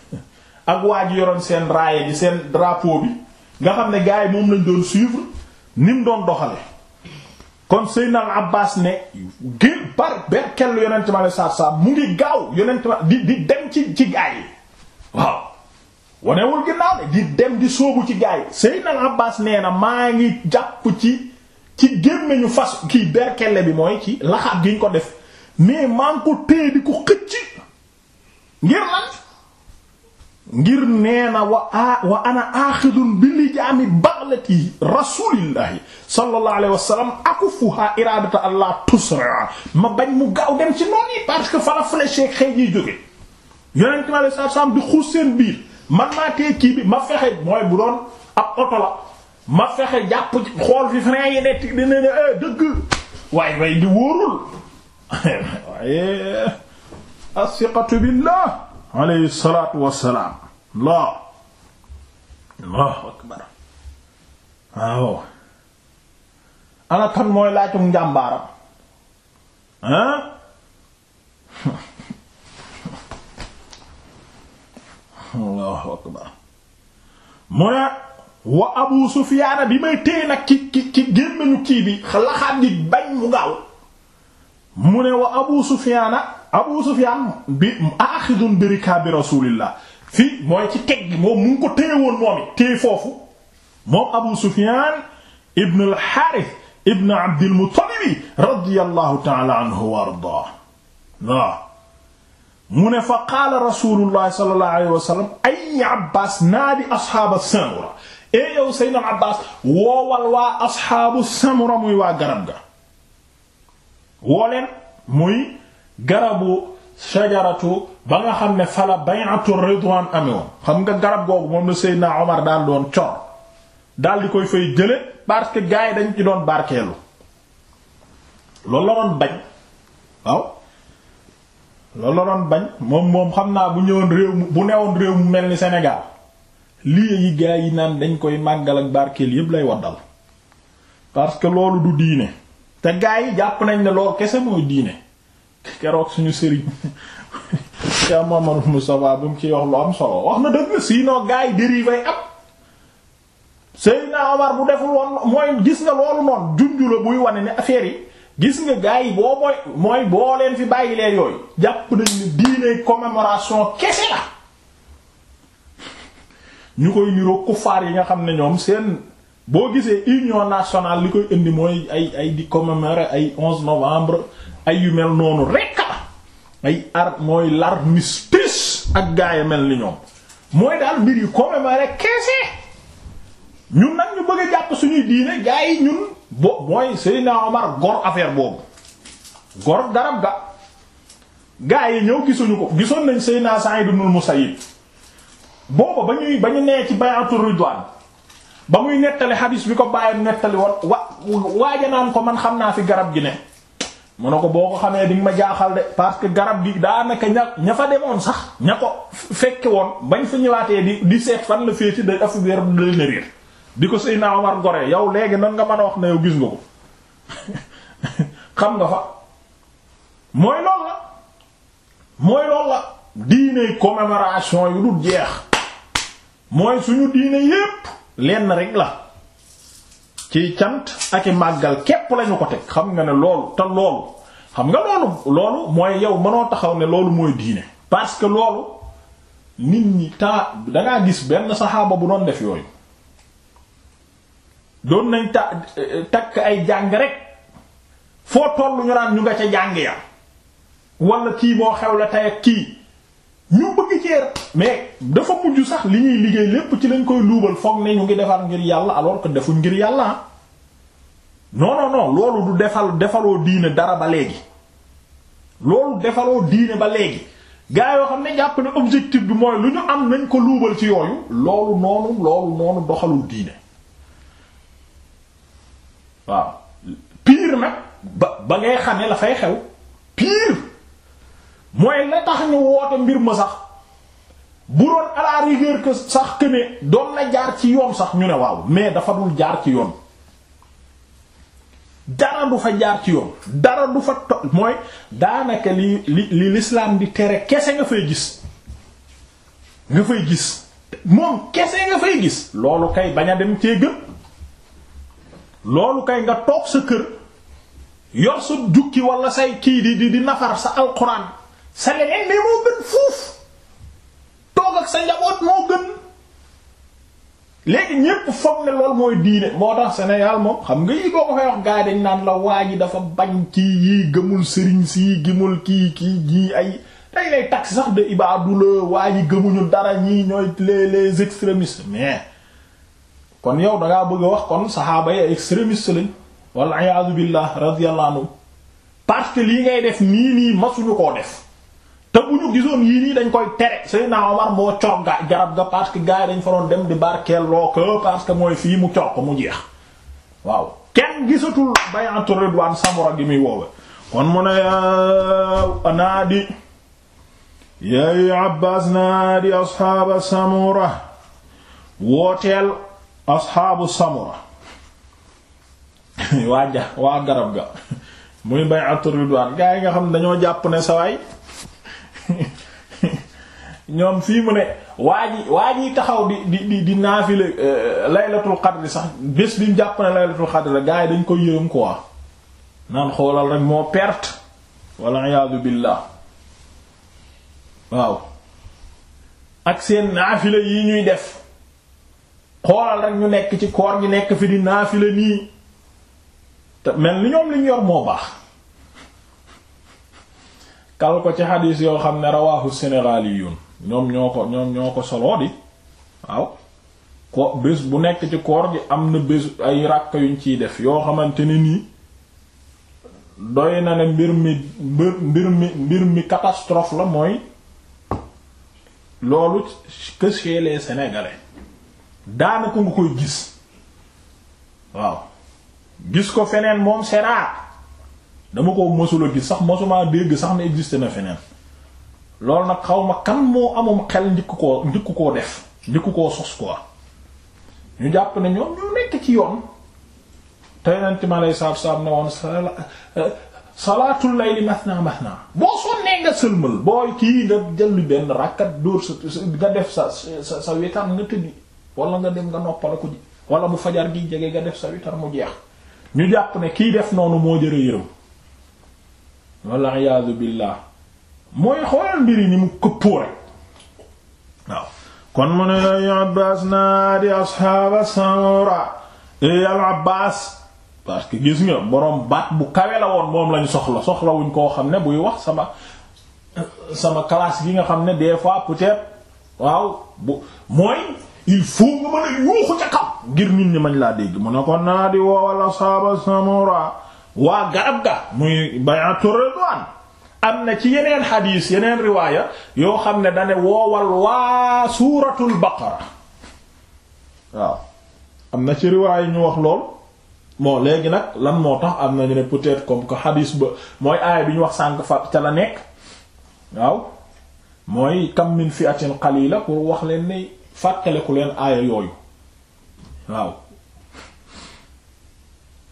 [laughs] ak waa ji yoroon seen raaya ji seen drapeau bi nga xam ne gars yi moom lañ doon suivre ni mu doon doxale kon Seydina al Abbas ne gil bar berkellu yonente ma le saab-saab mu ngi gaaw yonente ma di di dem ci ci gaay yi waaw wanewul ginnaaw de di dem di sóobu ci gaay yi Seydina al nee na maa ngi jàpp ci ci gémmeñu fas kii berkelle bi mooy ci laxaat gi ñu ko def mais maa ngi ko téye di ko ngir nee na wa a wa ana axidun bi lijaami baghlati rasulillahi sallallahu alayhi wa sallam akufuha iradata allah tusra ma bañ mu gaaw dem ci noon yi parce que fala flèche xëy jiy jóge yonent mi alayhi salaatu salaam di xuus biir man maa tee kii ma fexe mooy bu doon ab ma fexe jàpp xool fi frein yi nekk dina ne eh, dëgg waaye way di wóorul [laughs] waaye asiqatu billah alayhi salaatu wassalaam la allahu akbar waaw ana kan mooy laajug njàmbaaram hein [laughs] allahu akbar mu ne wa abu sufiyaana bi may téye nag ki ki ki gémmañu kii bi laxaat gi bañ mu gaaw mu ne wa abu sufiana abu sufian bi aaxidun bi rikaabi rasulillah fii mooy ci teg gi moom mu ngi ko téye woon moom it téye foofu moom abu sufian ibn alxaaris ibn abdil muttalibi radiyallahu taala anhu wa ardaa waaw mu ne fa qaala rasulullah sallallahu alayhi wa sallam ay abbas naadi asxaaba samura e yow sayyidina abbas woowal waa asxaabu samura muy waa garab ga woo leen muy garabu shajaratu ba nga xam ne fala bay'atu ridwan amee xam nga garab googu moom la Seydina Omar daal doon cor daal di koy fay jële parce que gars yi dañ ci doon barkeelu loolu la doon bañ waaw loolu la doon bañ moom moom xam naa bu ñëwoon réew bu newoon réew mu mel ni senegaal lii yi gars yi naan dañ koy màggal ak barkeel yépp lay waddal parce que loolu du diine te gaa yi jàpp nañ ne loolu kese mooy diine keroog suñu sëriñ Cheikh Mamadou Moustapha bi mu ciy wax lu am solo wax na dëgg sinon gaa yi dérivé ab Seydina Omar bu deful woon mooy gis nga loolu noonu junju la buy wane ne affaire yi gis nga gaa yi boo mooy mooy fi bàyyi leen yooyu jàpp nañ ne diine commémoration kese la ñu koy niroo kuffaar yi nga xam ne ñoom seen. boo gisee union nationale li koy indi mooy ay ay di commémorer ay 11 novembre ay yu mel noonu rekk la ay ar mooy l'armistice ak gaay mel ni ñoom mooy daal mbir yu commémorer keese ñun nag ñu bëgg a jàpp suñuy diine gaa yi ñun bo mooy Seydina Omar gor affaire boobu gor garab ga gaa yi ñëw gisuñu ko gisoon nañ Seydina Sa'id ibn Musayyib booba ba ñuy ba ñu nee ci bay'atul ridwan ba muy nettali xadiis bi ko bàyyam nettali woon wa waaja naan ko man xam naa fi garab gi ne mu ne ko boo ko xamee di nga ma jaaxal de parce que garab gi daanaka ña ña fa demoon sax ña ko fekke woon bañ fa ñëwaatee di di seet fan la féeti da afu garab da leen réer di ko Seydina Omar goree yow léegi nan nga mën a wax ne yow gis nga ko [laughs] xam nga fa mooy lool la mooy lool la diine yu dul jeex mooy suñu diine yépp lenn rek la ci cant ak i màggal képp lañu ko teg xam nga ne loolu te loolu xam nga loolu loolu mooy yow mënoo taxaw ne loolu mooy diine parce que loolu nit ñi ta dangaa gis benn saxaaba bu doon def yooyu doon nañ ta takk ay jàng rek foo tollu ñu naan ñu nga ca jàng ya wala kii moo xew la tay ak kii ñu bëgg cee mais dafa mujj sax li ñuy liggéey lépp ci lañ koy luubal foog ne ñu ngi defar ngir yàlla alors que defuñ ngir yàlla ah. non non defal defaloo diine dara ba léegi loolu defaloo diine ba gaa yoo xam ne jàpp ne objectif bi mooy lu ñu am nañ ko luubal ci yooyu loolu noonu loolu noonu doxalul diine waaw pire nag ba ba ngay xamee la fay xew pire. mooy la tax ñu woote mbir ma sax bu doon à la rigueur sax que doon na jaar ci yoon sax ñu ne waaw mais dafa dul jaar ci yoon dara du fa jaar ci yoon dara du fa to mooy daanaka li li li l'islam di tere kese nga fay gis nga fay gis moom kese nga fay gis loolu kay bañ a dem cee gën loolu kay nga toog sa kër yor sa jukki wala say kii di di di nafar sa alxuraan sa leneen mais moo gën fuuf toog ak sa njaboot moo gën léegi ñépp foog lool mooy diine moo tax Sénégal moom xam nga yi boo ko fay wax gaa dañ naan la waa ji dafa bañ kii yii gëmul sëriñ sii gimul kii kii yii ay dañ lay tax sax de ibaadu la waa ji gëmuñu dara ñii ñooy les les extrémistes mais kon yow dangaa bëgg wax kon saxaaba yi extrémiste lañ wal iyaadu billah radiyallahu anhu parce que lii ngay def nii nii masuñu koo def te bu ñu gisoon yii nii dañ koy tere Seydina Omar moo coog ga garab ga parce que gars yi dañ fa doon dem di barkeel loo ko parce que mooy fii mu coog mu jeex waaw kenn gisatul bay'atu ridwaan samura gi muy woowe kon mu ne yaa naadi yaay Abbaas naadi asxaaba samura wooteel asxaabu samura [laughs] waa ja waa garab ga [laughs] muy bay'atu ridwaan gars yi nga xam dañoo jàpp ne sawaay ñoom fii mu ne waa ji waa ji taxaw di di di di naafile euh, laylatul qadr sax bés bi ñu jàpp ne laylatul qadr la gars yi dañ ko yërëm quoi naan xoolal rek moo perte walla iyaadu billaah waaw ak seen naafile yi ñuy def xoolal rek ñu nekk ci koor gi nekk fi di naafile nii te mel ni ñoom liñ yor moo baax kal ko ci xadiis yoo xam ne rawaahu sénégaliyun ñoom ñoo ko ñoom ñoo ko soloo di waaw ko bés bu nekk ci koor gi am na bés ay ràkk yuñ ciy def yoo xamante ni nii doy na ne mbir mi mbir mi mbir mi catastrophe la mooy loolu que chez les Sénégalais daanaka nga koy gis waaw gis ko feneen moom c'est dama ko mësula gis sax mësuma dégg sax ne existe na feneen loolu nag xaw ma kan moo amum xel njëkk koo njëkk koo def njëkk koo sos quoi ñu jàpp ne ñoom ñoo nekk ci yoon te yonent mi aleyhi salaatu salaam ne woon salaatul layli mathna mathna boo sonnee nga sëlmal booy kii nga jël benn rakkat dóor sa nga def sa sa sa witar nga tëddi wala nga dem nga noppala ko ji wala bu fajar gi jege nga def sa witar mu jeex ñu jàpp ne kii def noonu moo jëre yërëm walla iyaadu billaah mooy xoolal mbiri ni mu këppoo rek waaw kon mu ne yooyu Abbaas naa di asxaaba samura ee al parce que gis nga boroom baat bu kawe la woon moom lañ soxla soxla wuñ koo xam ne buy wax sama sama classe gi nga xam ne des fois peut-être waaw bu mooy il faut nga mën a yuuxu ca kaw ngir nit ñi mañ laa dégg mu ne kon naa di woowal asxaaba samura waa garab ga muy bay'atu ridwaan am na ci yeneen xadiis yeneen riwaaya yoo xam ne dane woowal waa suuratul baqara waaw am na ci riwaaya ñu wax lool moo léegi nag lan moo tax am nañu ne peut-être comme que xadiis ba mooy aaya bi ñu wax sànq fa ca la nekk waaw mooy kam min fi fi'atin qalila pour wax leen ne fàttaliku leen aaya yooyu waaw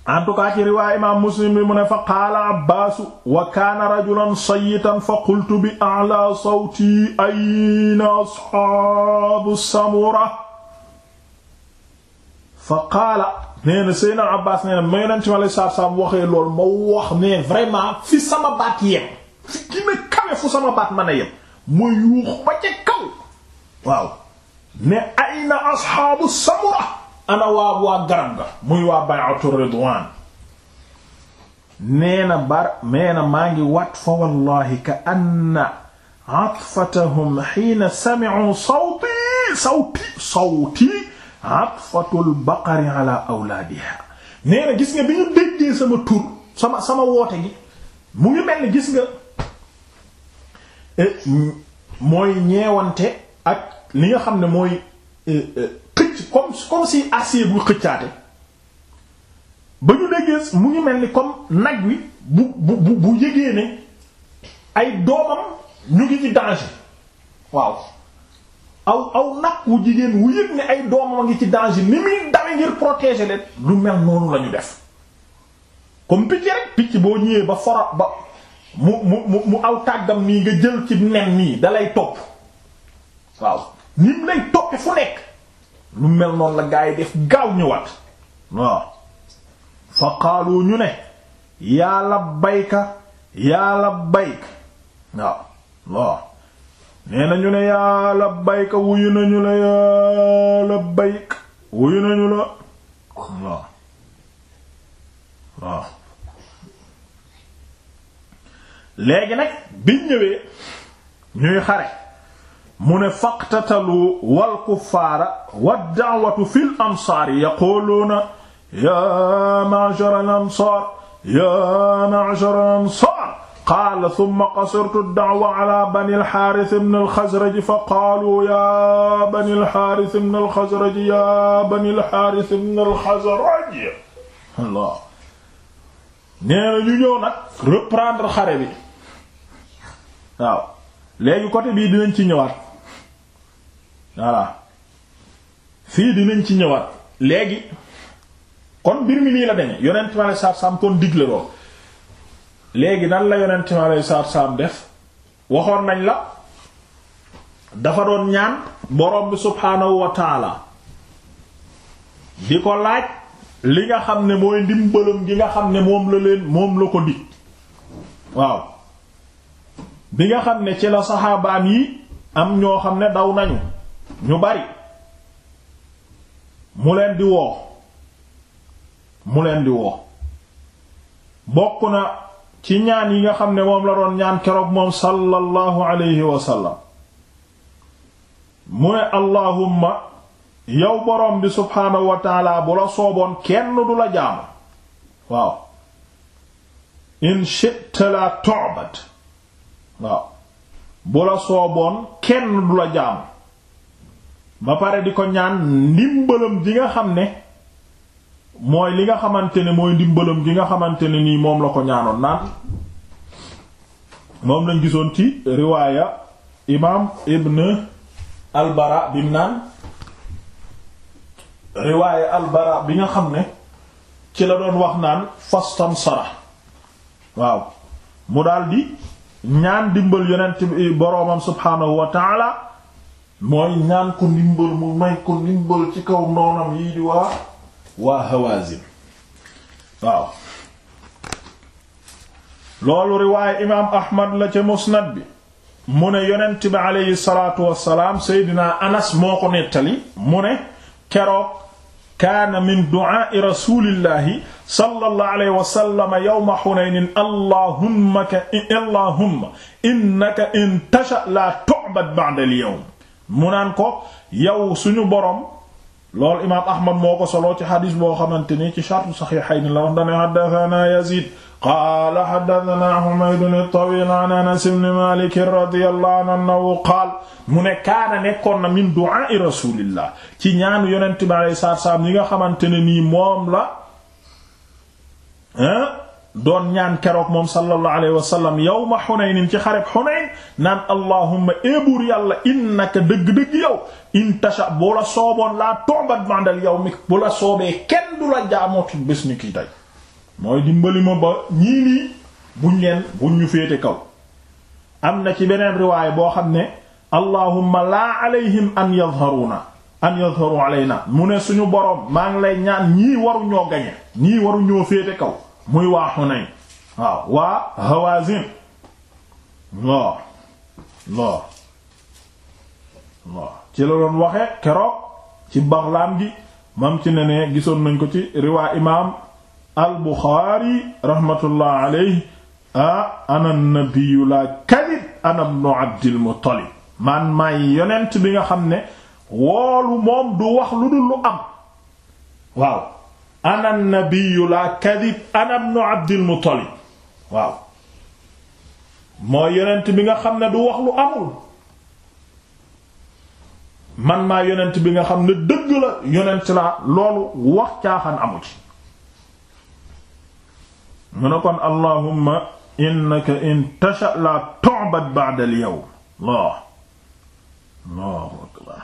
en tout cas ci riwaay imaam muslim bi mu ne fa qaala abbaasu wa kaana rajulan sayitan fa qultu bi a'la sawti ayna ashaabu samura fa qaala nee na Seydina Abbaas nee na ma yonente mi alei satu salaam waxee lool ma wax ne vraiment fi sama baat yem fi gina kawe fu sama baat mën a yem ma yuux ba ca kaw waaw ne ayna ashaabu samura ana waa waa garab nga muy waa bay'atu ridwaan nee na bar nee na maa ngi wat fa wallahi ka anna atfatahum xiina sami'u sawti sawti sawti atfatul baqari ala awlaadiha nee na gis nga bi ñu déggee sama tur sama sama woote gi mu ngi mel ni gis nga eh, mooy ñeewante ak li nga xam ne mooy eh, eh, xëcc comme comme si acier buy xëccaate ba ñu déggee mu ngi mel ni comme nag wi bu bu bu yëgee ay doomam ñu ngi ci danger waaw aw aw nag wu jigéen wu yëg ne ay doomam a ngi ci danger ni muy dawe ngir protéger leen lu mel noonu lañu def comme picc rek picc boo ñëwee ba foro ba mu mu mu aw tàggam nii nga jël ci nen nii dalay topp waaw nim lay toppe fu nekk lu mel noonu la gaa yi def gaaw ñëwaat waaw fa ñu ne yaa bayka yaa labbayk waaw waaw nee nañu ne yaa labbayka wuyu nañu la yaa labbayk wuyu nañu la waaw waaw léegi nag biñ ñëwee ñuy xare mu ne faqtatalu wal kuffaara wad da'watu fil ansaari yaquluuna yaa ma'sharal ansaar yaa ma'sharal ansaar qaala summa qasartu ad-da'wa ala bani al-Haaris ibn al-Khazraj fa qaaluu yaa bani al-Haaris ibn al-Khazraj yaa bani al-Haaris ibn al-Khazraj Allah nee na ñu ñëw nag reprendre xare bi waaw léegi côté bii dinañ ci ñëwaat voilà fii dinañ ci ñëwaat léegi kon mbir mi nii la demee yonent mi alayhi salaatu salaam kon digle lool léegi nan la yonent mi alayhi salaatu salaam def waxoon nañ la dafa doon ñaan borom bi subhaanahu wa taala di ko laaj li nga xam ne mooy ndimbalam gi nga xam ne moom la leen moom la ko dig waaw bi nga xam ne ci la saxaabaan yi am ñoo xam ne daw nañu ñu bari mu leen di woo mu leen di woo bokk na ci ñaan yi nga xam ne moom la doon ñaan keroog moom sallallahu alayhi wa sallam mu ne allahumma yow boroom bi subhaanahu wa bu la sooboon kenn du la jaamu waaw in shi'ta la tu'bad waaw bu la sooboon kenn du la jaamu ba pare di ko ñaan ndimbalam gi nga xam ne mooy li nga xamante ne mooy ndimbalam gi nga xamante ne nii moom la ko ñaanoon naan moom lañ gisoon ci riwaaya imaam ibn albara bi naan riwaaya albara bi nga xam ne ci la doon wax naan fastam sara waaw mu daldi ñaan dimbal yonent boroomam subhaanahu wa ta'ala mooy ñaan ko ndimbal mu may ko ndimbal ci kaw noonam yii di waa waa Hawazin waaw loolu riwaaye imaam Ahmad la ca musnad bi mu ne yonent bi aleyhi salaatu wassalaam seydina Anas moo ko nettali mu ne keroog kaana min du'aa'i rasuulillaahi sallallahu alayhi wa sallam yawma Hunaynin allahumma innaka in tasha' laa tu'bad ba'da al-yawm mu naan ko yow suñu borom loo imaam ahmad moo ko soloo ci xadis boo xamante ni ci shartu saxiixayn la wax dane xaddathana yazid qaala xaddathana xumaydun at-tawiil anas ibn maalik radiyallahu anhu annahu qaal mu ne kaana nekkoon na min du'aa'i rasulillah ci ñaan yonent bi alayhi salaatu wa salaam yi nga xamante ne nii moom la doon ñaan keroog moom sallallahu alayhi wa sallam yawma Hunayn ci xareb Hunayn naan allahumma eebuur yàlla innaka dëgg-dëgg yow in tasha bu la sooboon laa tombat ba'dal yawmi bu la soobee kenn du la jaamooti bés ni kii tey mooy dimbali ma ba ñii nii buñ leen buñ ñu féete kaw am na ci beneen riwaay boo xam ne allahumma laa alayhim an yadharuuna an yadharu alayna mu ne suñu boroom maa ngi lay ñaan ñii waru ñoo gañe ñii waru ñoo féete kaw muy waa Hunayn waaw waa Hawazin waaw waaw ci la doon waxe keroog ci baxlaam gi mam ci ne gisoon nañ ko ci riwaa imaam al-Bukhari rahmatullah alayhi ah ana nabiyyu la kadib ana ibnu Abdil Muttalib man maay yonent bi nga xam ne woolu moom du wax lu dul lu am waaw ana nabiyyu laa kadib ana ibnu abdil waaw mooy yonent bi nga xam ne du wax lu amul man ma yonent bi nga xam ne dëgg la yonent laa loolu wax caaxaan amu ci mu ne kon allahumma innaka in tasha la tu'bad ba'da al-yawm Allah Allahu akbar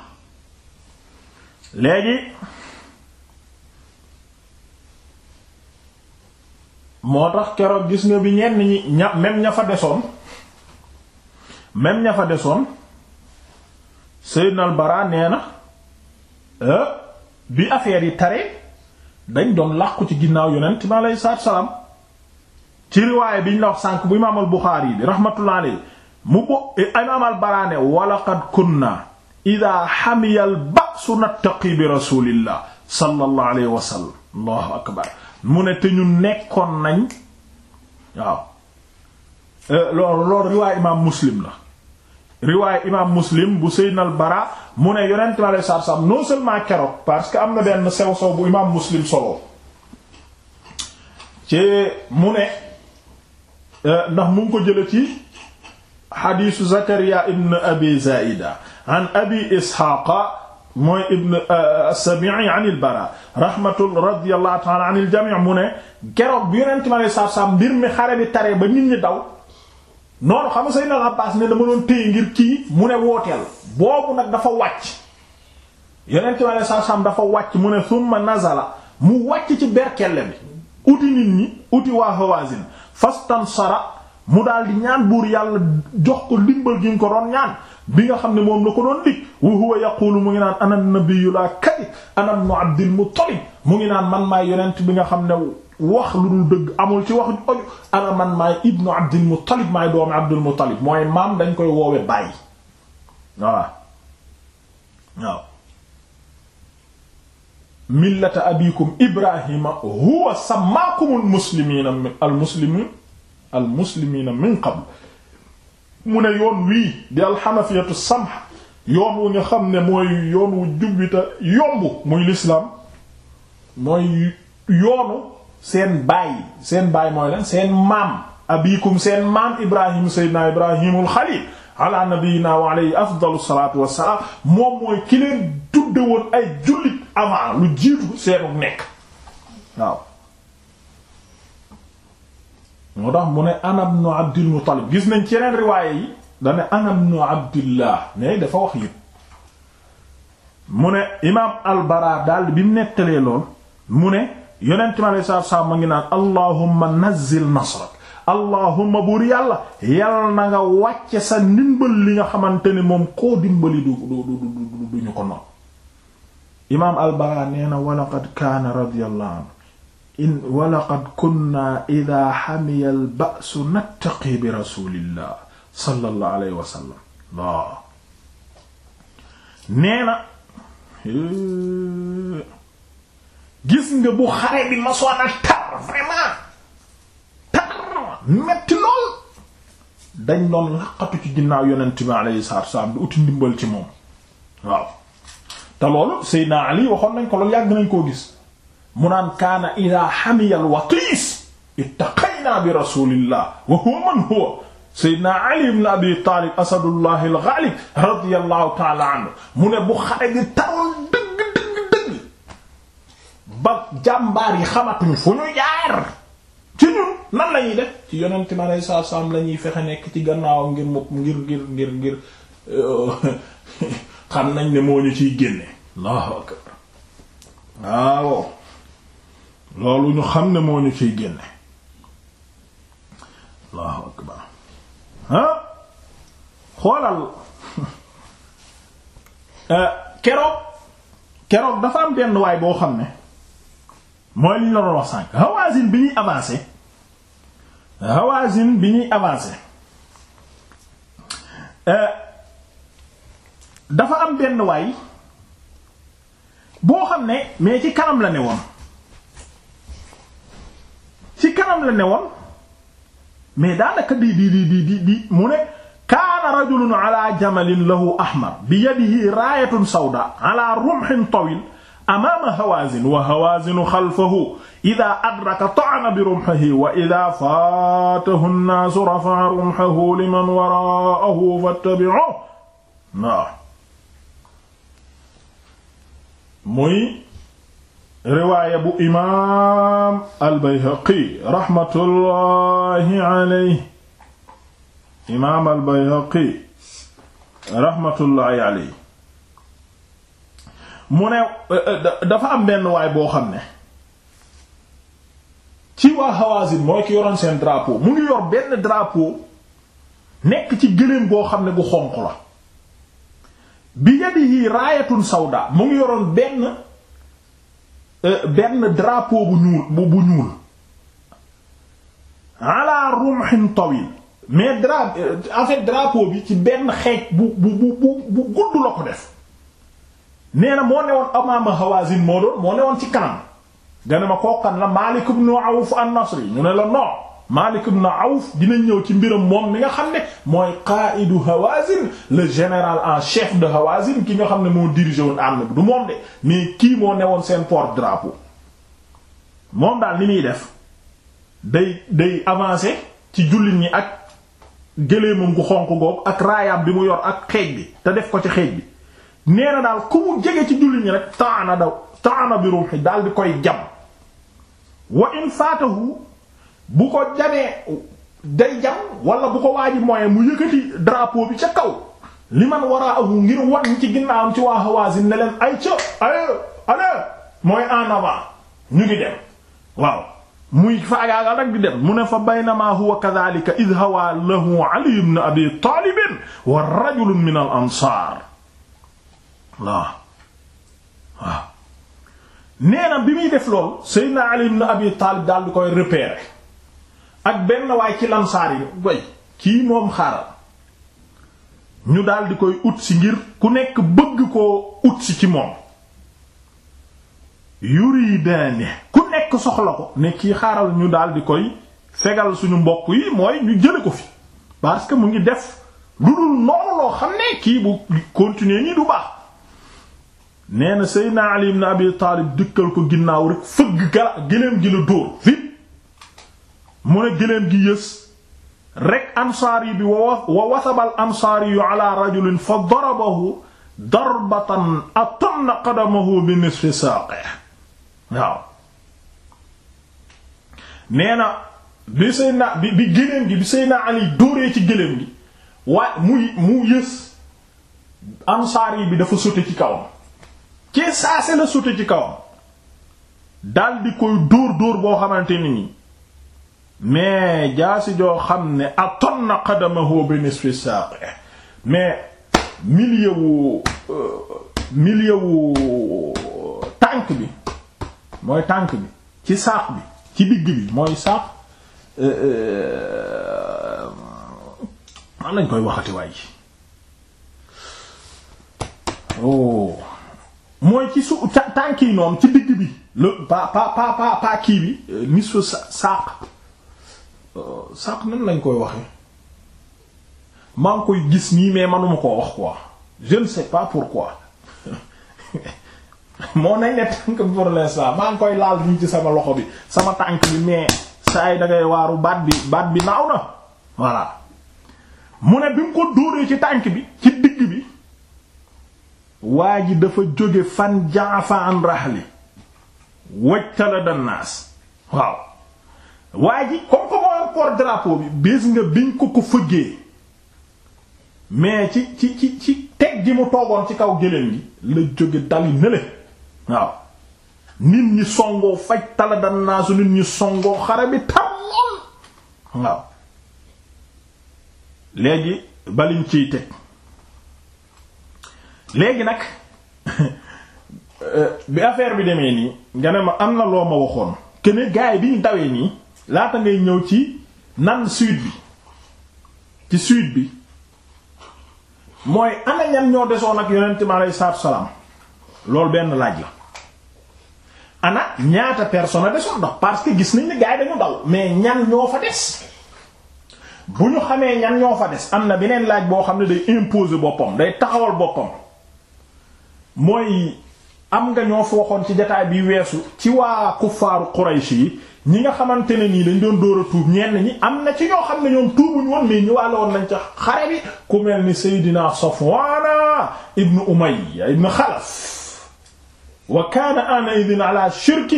moo tax keroog gis nga bi ñenn ñi ña même ña fa desoon même ña fa desoon Seydina al nee na euh, bi affaire yi tare dañ doon làqu ci ginnaaw yonent mi aleyhi ci riwaaya bi ñu la wax sànq bu imaam al-Buxaari bi rahmatullahi alayhi mu bo imaam al-Baraa ne kunna idaa hamiya al nattaqi bi rasuulillah sallallahu alayhi wa allahu akbar mu ne te ñu nekkoon nañ waaw euh, loolu loolu riwaay imaam muslim la riwaay imaam muslim bu seydna al bara mu ne yonent mi alei satu salaam seulement keroog parce que am na benn sew sew bu imaam muslim solo ci mu ne euh, ndax mu ko jële ci xadiisu zakariya ibn abi zaida an abi isxaaqa mooy ibn euh, as-Sabi'i an al-Bara rahmatul radiyallahu ta'ala an al-jami' mu ne keroog bi yonent ma alayhi salaatu salaam mbir mi xare bi taree ba nit ñi daw noonu xam nga Seydina Abbaas ne dama doon téye ngir kii mu ne wooteel boobu nag dafa wàcc yonent mi alayhi salaatu salaam dafa wàcc mu ne thumma nazala mu wàcc ci berkelle bi uti nit ñi uti waa Hawaazin fastansara mu daal di ñaan buur yàlla jox ko ndimbal gi ñu ko doon ñaan bi nga xam ne moom la ko doon dig wa huwa yaqulu mu ngi naan ana nabiyyu la kadib ana ibnu abdil muttalib mu ngi naan man maay bi nga xam ne wax dëgg amul ci wax oju ana man maay ibnu muttalib maay doomi abdul muttalib mooy maam dañ koy woowe bàyyi waaw waaw abikum ibrahima huwa samaakumul muslimiina al muslimin al muslimiina min qabl mu ne yoon wii di alxanafiyatu samha yoon wu nga xam ne mooy yoon wu jubbita yomb muy lislaam mooy yoonu seen baay seen baay mooy lan seen maam abikum seen maam ibrahim seydina ibrahimul xalil ala nabiyina wa alayhi afdalu salaatu wassalaam moom mooy ki leen woon ay jullit avant lu jiitu seenu nekk waaw moo tax mu ne ana ibnu gis nañ ci yeneen riwaaye yi da ne ana ibnu dafa wax yëpp mu ne imaam al-Bara daal bi mu nettalee lool mu ne yonent mi alayhi salaatu salaam ma ngi naan allahumma nazzil nasrak allahumma buur yàlla yal na nga wàcce sa ndimbal li nga xamante ni moom koo dimbali du du du du ñu ko noonu imaam al nee na wa laqad kaana radiyallahu anhu in walaqad kunna ida xamiya al ba'su nattaqi bi rasulillah sallallahu alayhi wa sallam waaw nee na eh, gis nga bu xare bi masoon a tar vraiment tar metti lool dañ doon laqatu ci ginnaaw yonent bi alayhi salaatu wasallam di uti ndimbal ci moom waaw te loolu Seydina Ali waxoon nañ ko loolu yàgg nañ koo gis mu naan kaana ida xamiya alwatiis ittaqaynaa bi rasulillah wa huwa man huwa sayyidina ali ibn abi taalib asadullah alghalib radiyallahu ta'ala anhu mu ne bu xare gi taroon dëgg dëgg dëgg ba jàmbaar yi xamatuñu fu ñu jaar ci ñun nan la ñuy def ci yonente mi alayhi salaatu salaam la ñuy fexe nekk ci gannaawam ngir mu ngir ngir ngir ngir euh, [laughs] xam nañ ne moo ñu ciy génne allahu akbar waaw loolu ñu xam ne moo ñu ciy génne allahu akbar ah xoolal [laughs] eh, keroog keroog dafa am benn waay boo xam ne mooy li ñu la doon wax sànq bi ñuy avancer Hawazin bi ñuy avancer eh, dafa am benn waay boo xam ne mais ci kanam la ne woon ci kanam la ne woon mais daanaka di di di di di di mu ne kaana rajulun ala jamalin lahu ahmar bi yadihi raayatun sawda ala rumhin tawil amaama hawazin wa hawazinu xalfahu ida adraka ta'ana bi rumhihi wa ida faatahu nnaasu rafa'a rumhahu liman wara'ahu fattabi'uhu waaw muy riwaaya bu imaam al-Bayhaqi raxmatullaahi alayhi mu ne eh, eh, dafa am benn waay boo xam ne ci waa Hawazin mooy ki yoroon seen drapeau mu ngi yor benn drapeau nekk ci gëléem boo xam ne bu xonq la bi yadihi raayatun sawda mu ngi yoroon benn Euh, benn drapeau bu ñuul bu bu ñuul ala rumhin tawil mais dra euh, en fait bi ci benn xeej bu bu bu bu gudd la def nee na moo newoon amaama Hawazin moo doon moo newoon ci kanam gane ma kookan la Malik ibn Awf an-Nasri ñu ne la non Malik na Auf dina ñëw ci mbiram moom mi nga xam ne mooy qaaidu Hawazin le général en chef de Hawazin ki nga xam ne moo dirigé woon armée bi du moom de mais kii moo newoon seen port drapeau moom daal ni muy def day day avancé ci jullit ñi ak gëléemam gu xonq googu ak raayaam bi mu yor ak xeej bi te def ko ci xeej bi nee na daal ku mu jege ci jullit ñi rek taana daw a bi ruuxi daal di koy jam wa in faatahu bu ko jamee day jam bu ko waaji moyen mu yëkkati drapeau bi ca kaw li man waraa ahu ngir wan ci ginnaawam ci waa Hawazin ne leen ay ca ay ale mooy en avant ñu ngi dem waaw muy faagaagal rek di dem mu ne fa baynama huwa kadhalika id hawa lahu Ali ibn Abi Talib wa rajulun min al ansaar bi muy def lool Seydina Ali ibn Abi Talib daal di koy repérer ak benn waay ci lamsaar yi way kii moom xaaral ñu daldi koy ut si ngir ku nekk bëgg koo ut si ci moom yuridaani ku nekk soxla ko ne kii xaaral ñu daal koy fegal suñu mbokk yi mooy ñu jële ko fi parce que mu ngi def lu dul noonu loo xam ne kii bu continuer nii du baax nee na Seydina na ibn Abi dikkal ko ginnaaw rek fëgg gara gëléem gi la dóor vite mu ne gëléem gi yës rek ansaari bi wa wasabal ansaari ala rajulin fa darabahu darbatan atanna qadamahu bi nisfi saaqih waaw nee na bi Seydina bi bi gëléem gi bi Seydina Ali dóoree ci gëléem gi waaye muy mu yës ansaari bi dafa sote ci kawam ci saase la sote ci kawam dal koy dóor dóor boo xamante ni nii mais jaasi joo xam ne atonna qadamahu bi nisfi saaqi mais milieu wu euh, milieu wu tànk bi mooy tànk bi ci saaq bi ci digg bi mooy saaq man euh, euh, lañ koy waxati waay oh mooy ci su tànk yi noonu ci digg bi le pa pa pa pa kii bi nisfu saaq Euh, sànq nan lañ koy waxee maa ngi koy gis nii mais manuma koo wax quoi je ne sais pas pourquoi [laughs] moo nañ ne tànk bi pour l'instant maa ngi koy laal nii ci sama loxo bi sama tànk bi mais saa yi da waaru baat bi baat bi naaw na voilà mu ne bi mu ko dóoree ci tànk bi ci digg bi waa ji dafa jóge fan jaafa an raxli wajtala dannaas waaw waa ji comme que moo yor port bi bés nga biñ ko ko fëggee mais ci ci ci ci teg gi mu toogoon ci kaw géléem gi la jóge dali nële waaw nit ñi songoo faj tala dan naa su nit ñi songoo xare bi tàmmoon waaw léegi baliñ ciy teg léegi nag [laughs] euh, bi affaire bi demee nii nga ne ma am na loo ma waxoon kene gaay bi ñu dawee nii laata ngay ñëw ci nan suite bi ci suite bi mooy ana ñan ñoo desoon ak yonent mi aleyhi salaam loolu benn laaj la ana ñaata personne a desoon ndax parce que gis nañ ne gars dañu daw mais ñan ñoo fa des bu ñu xamee ñan ñoo fa des am na beneen laaj boo xam ne day imposer boppam day taxawal boppam mooy am nga ñoo fi waxoon ci jotaay bi weesu ci waa kuffaaru Quraysh yi ñi nga xamante ne nii dañ doon door a tuub ñenn ñi am na ci ñoo xam ne ñoom tuubuñ woon mais ñu wàll woon nañ ca xare bi ku mel ni Seydina Safwaana ibnu Umayya ibnu Xalaf wa kaana ana idin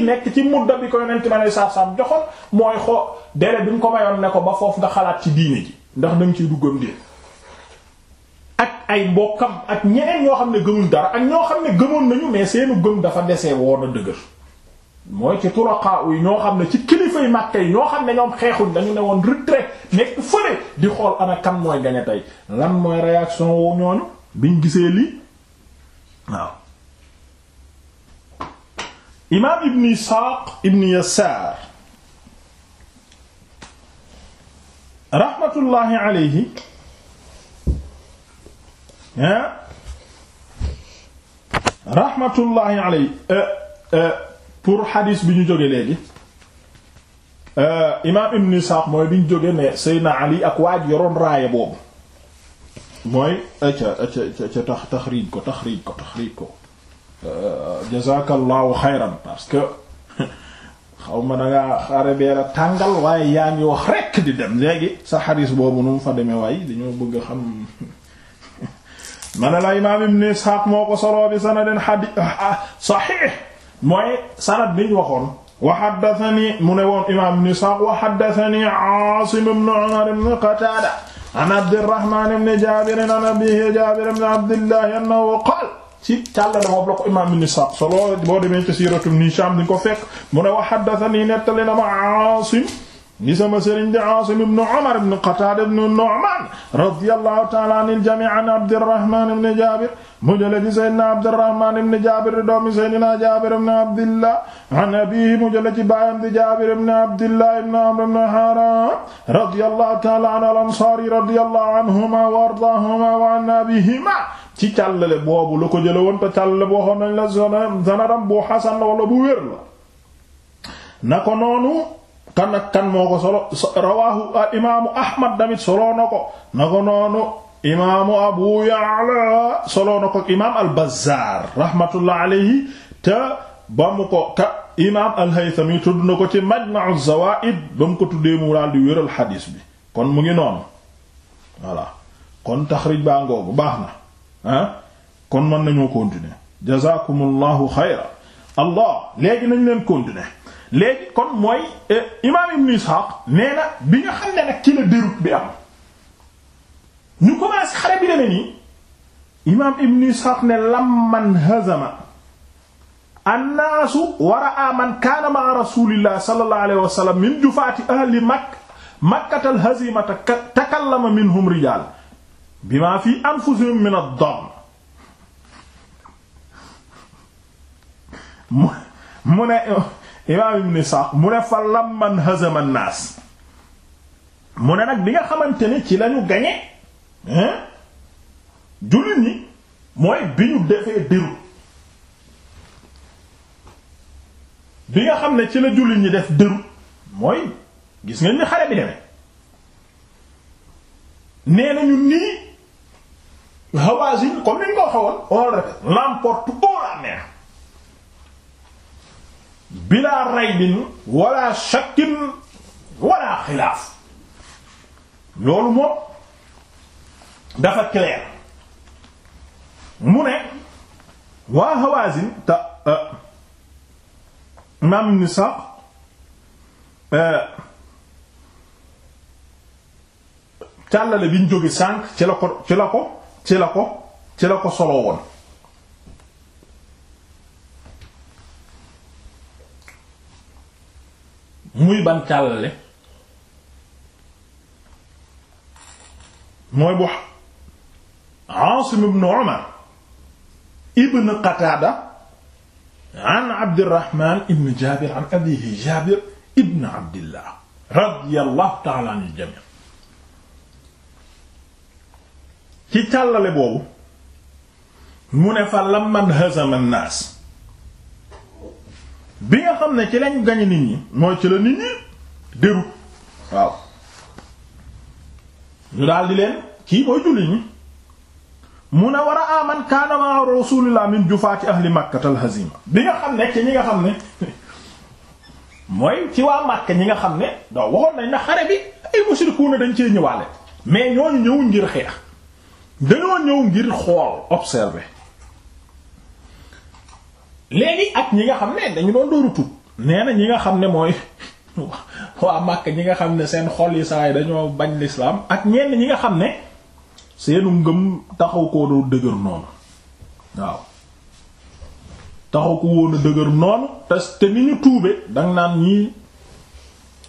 nekk ci mudda bi ko yonente ma saab-saab joxoon mooy xo dele bi mu ko mayoon ne ko ba foofu nga xalaat ci diine ji ndax da nga ciy duggam dée ak ay mbokkam ak ñeneen ñoo xam ne gëmul dara ak ñoo xam ne gënoon nañu mais seenu gëm dafa desee woon a dëgër mooy ci tulaqa yi ñoo xam ne ci kilifay Makka yi ñoo xam ne ñoom xeexul dañu ne woon retrait nekk fële di xool ana kan mooy gañe tey lan mooy réaction wu ñooñu biñ gisee lii waaw imaam ibn Isaaq ibn Yasaar raxmatullaahi alayhi ah, pour xadiis bi ñu jóge léegi euh, imaam ibn Isaaq mooy bi ñu jóge ne Seydina Ali ak waaj yoroon raaya boobu mooy euh, euh, ca ca ca tax taxriij ko taxriij ko taxriij ko jazaakallaahu xayran parce que [laughs] xaw ma dangaa xare beer a tàngal waaye yaa ngi wax rekk di dem léegi sa xadiis boobu nu mu fa demee waaye dañoo bëgg a xam [laughs] ma ne la imaam ibn Isaaq moo ko soloo bi sanadin xadiis ah, ah, saxiix mooy sanad bi ñu waxoon wa haddathani mu ne woon imam ibn Sa'd wa haddathani Asim ibn Umar ibn Qatada an Abdurrahman ibn Jabir an abihi Jabir ibn Abdullah annahu qala ci càllale boobu la ko imam ibn Sa'd solo boo demee ci siiratu Ibn Hisham di ko fekk mu ne wa haddathani nettali na ma Asim ni sama sëriñ di Aasim ibn Umar ibn Qataada ibn Nu'maan radiyallahu ta'ala anil jamii' an Abdurrahmaan ibn Jaabir mu jële ci Seydina Abdurrahmaan ibn Jaabir di doomi Seydina Jaabir ibn Abdillah an abiihi mu jële ci baayam di Jaabir ibn Abdillah ibn Amr ibn Haaraam radiyallahu ta'ala an al-Ansaari radiyallahu anhumaa wa ardaahumaa wa an abiihimaa ci càllale boobu la ko jële woon te càllale boo xam nañ la sanadam bu hasan wala bu wér la na ko noonu kan ak kan moo ko rawaahu imaamu ahmad tamit soloo ko na ko noonu imaamu abu ya'la soloo na ko imaam al-Bazzaar rahmatullah alayhi te ba mu ko ka imaam al-Haythami ko ci majma'u zawaa'id ba mu ko tuddee mu daal di bi kon mu ngi noonu voilà kon taxrij baa ngoogu baax na ah kon mën nañu continuer jazaakumullahu xayra allah léegi nañ leen continuer léegi kon mooy eh, imaam ibn Ishaq nee na bi nga xam ne nag ci la déroute bi am ñu commencé xare bi demee nii imaam ibn Ishaq ne lamman hazama annaasu wa ra'a man kaana ma'a rasulillah sallallahu alayhi wa sallam min jufaati ahli makk makkatal hazimata takallama minhum rijaal bima fi anfusihim min ad-damm imaam ibn Isaaq mu ne fa lamman hazama an-naas mu ne nag bi nga xamante ne ci lañu gañe jullit ñi mooy bi ñu defee déroute bi nga xam ne ci la jullit ñi def déroute mooy gis ngeen ni xare bi demee nee nañu nii Hawazin comme ni ñu ko waxee woon on le répète bilaa raybin wala shakkin wala xilaaf loolu moom dafa clair mu ne waa Hawazin te euh, imaam ni euh, càllale bi ñu jóge ci la ko ci la ko ci la ko ci la ko solo woon muy ban càllale mooy bu Aasim ibn Umar ibn Qataada an Abdurrahman ibn Jaabir an abiihi Jaabir ibn Abdillah radiyallahu ta'ala anil jamii ci càllale boobu mu ne fa lamman hazama an-naas bi nga xam ne ci lañ gañe nit ñi mooy ci la nit ñi déru waaw ñu daal leen kii mooy julli ñi mu ne war a aman kaana ma rasulillah min jufaati ahli makkata al hazima bi nga xam ne ci ñi nga xam ne [laughs] mooy ci waa Makka ñi nga xam ne doo waxoon nañ na xare bi ay mushrikuuna dañ cee ñëwaale mais ñooñu ñëw ngir xeex dañoo ñëw ngir xool observer léegi ak ñi nga xam ne dañu doon dooru tuub nee na ñi nga xam ne mooy [laughs] waa Makka ñi nga xam ne seen xol yi saa yi dañoo bañ lislaam ak ñenn ñi nga xam ne seenu ngëm taxaw koo dëgër noonu waaw taxaw ko woon a dëgër noonu te te ni ñu tuube danga naan ñi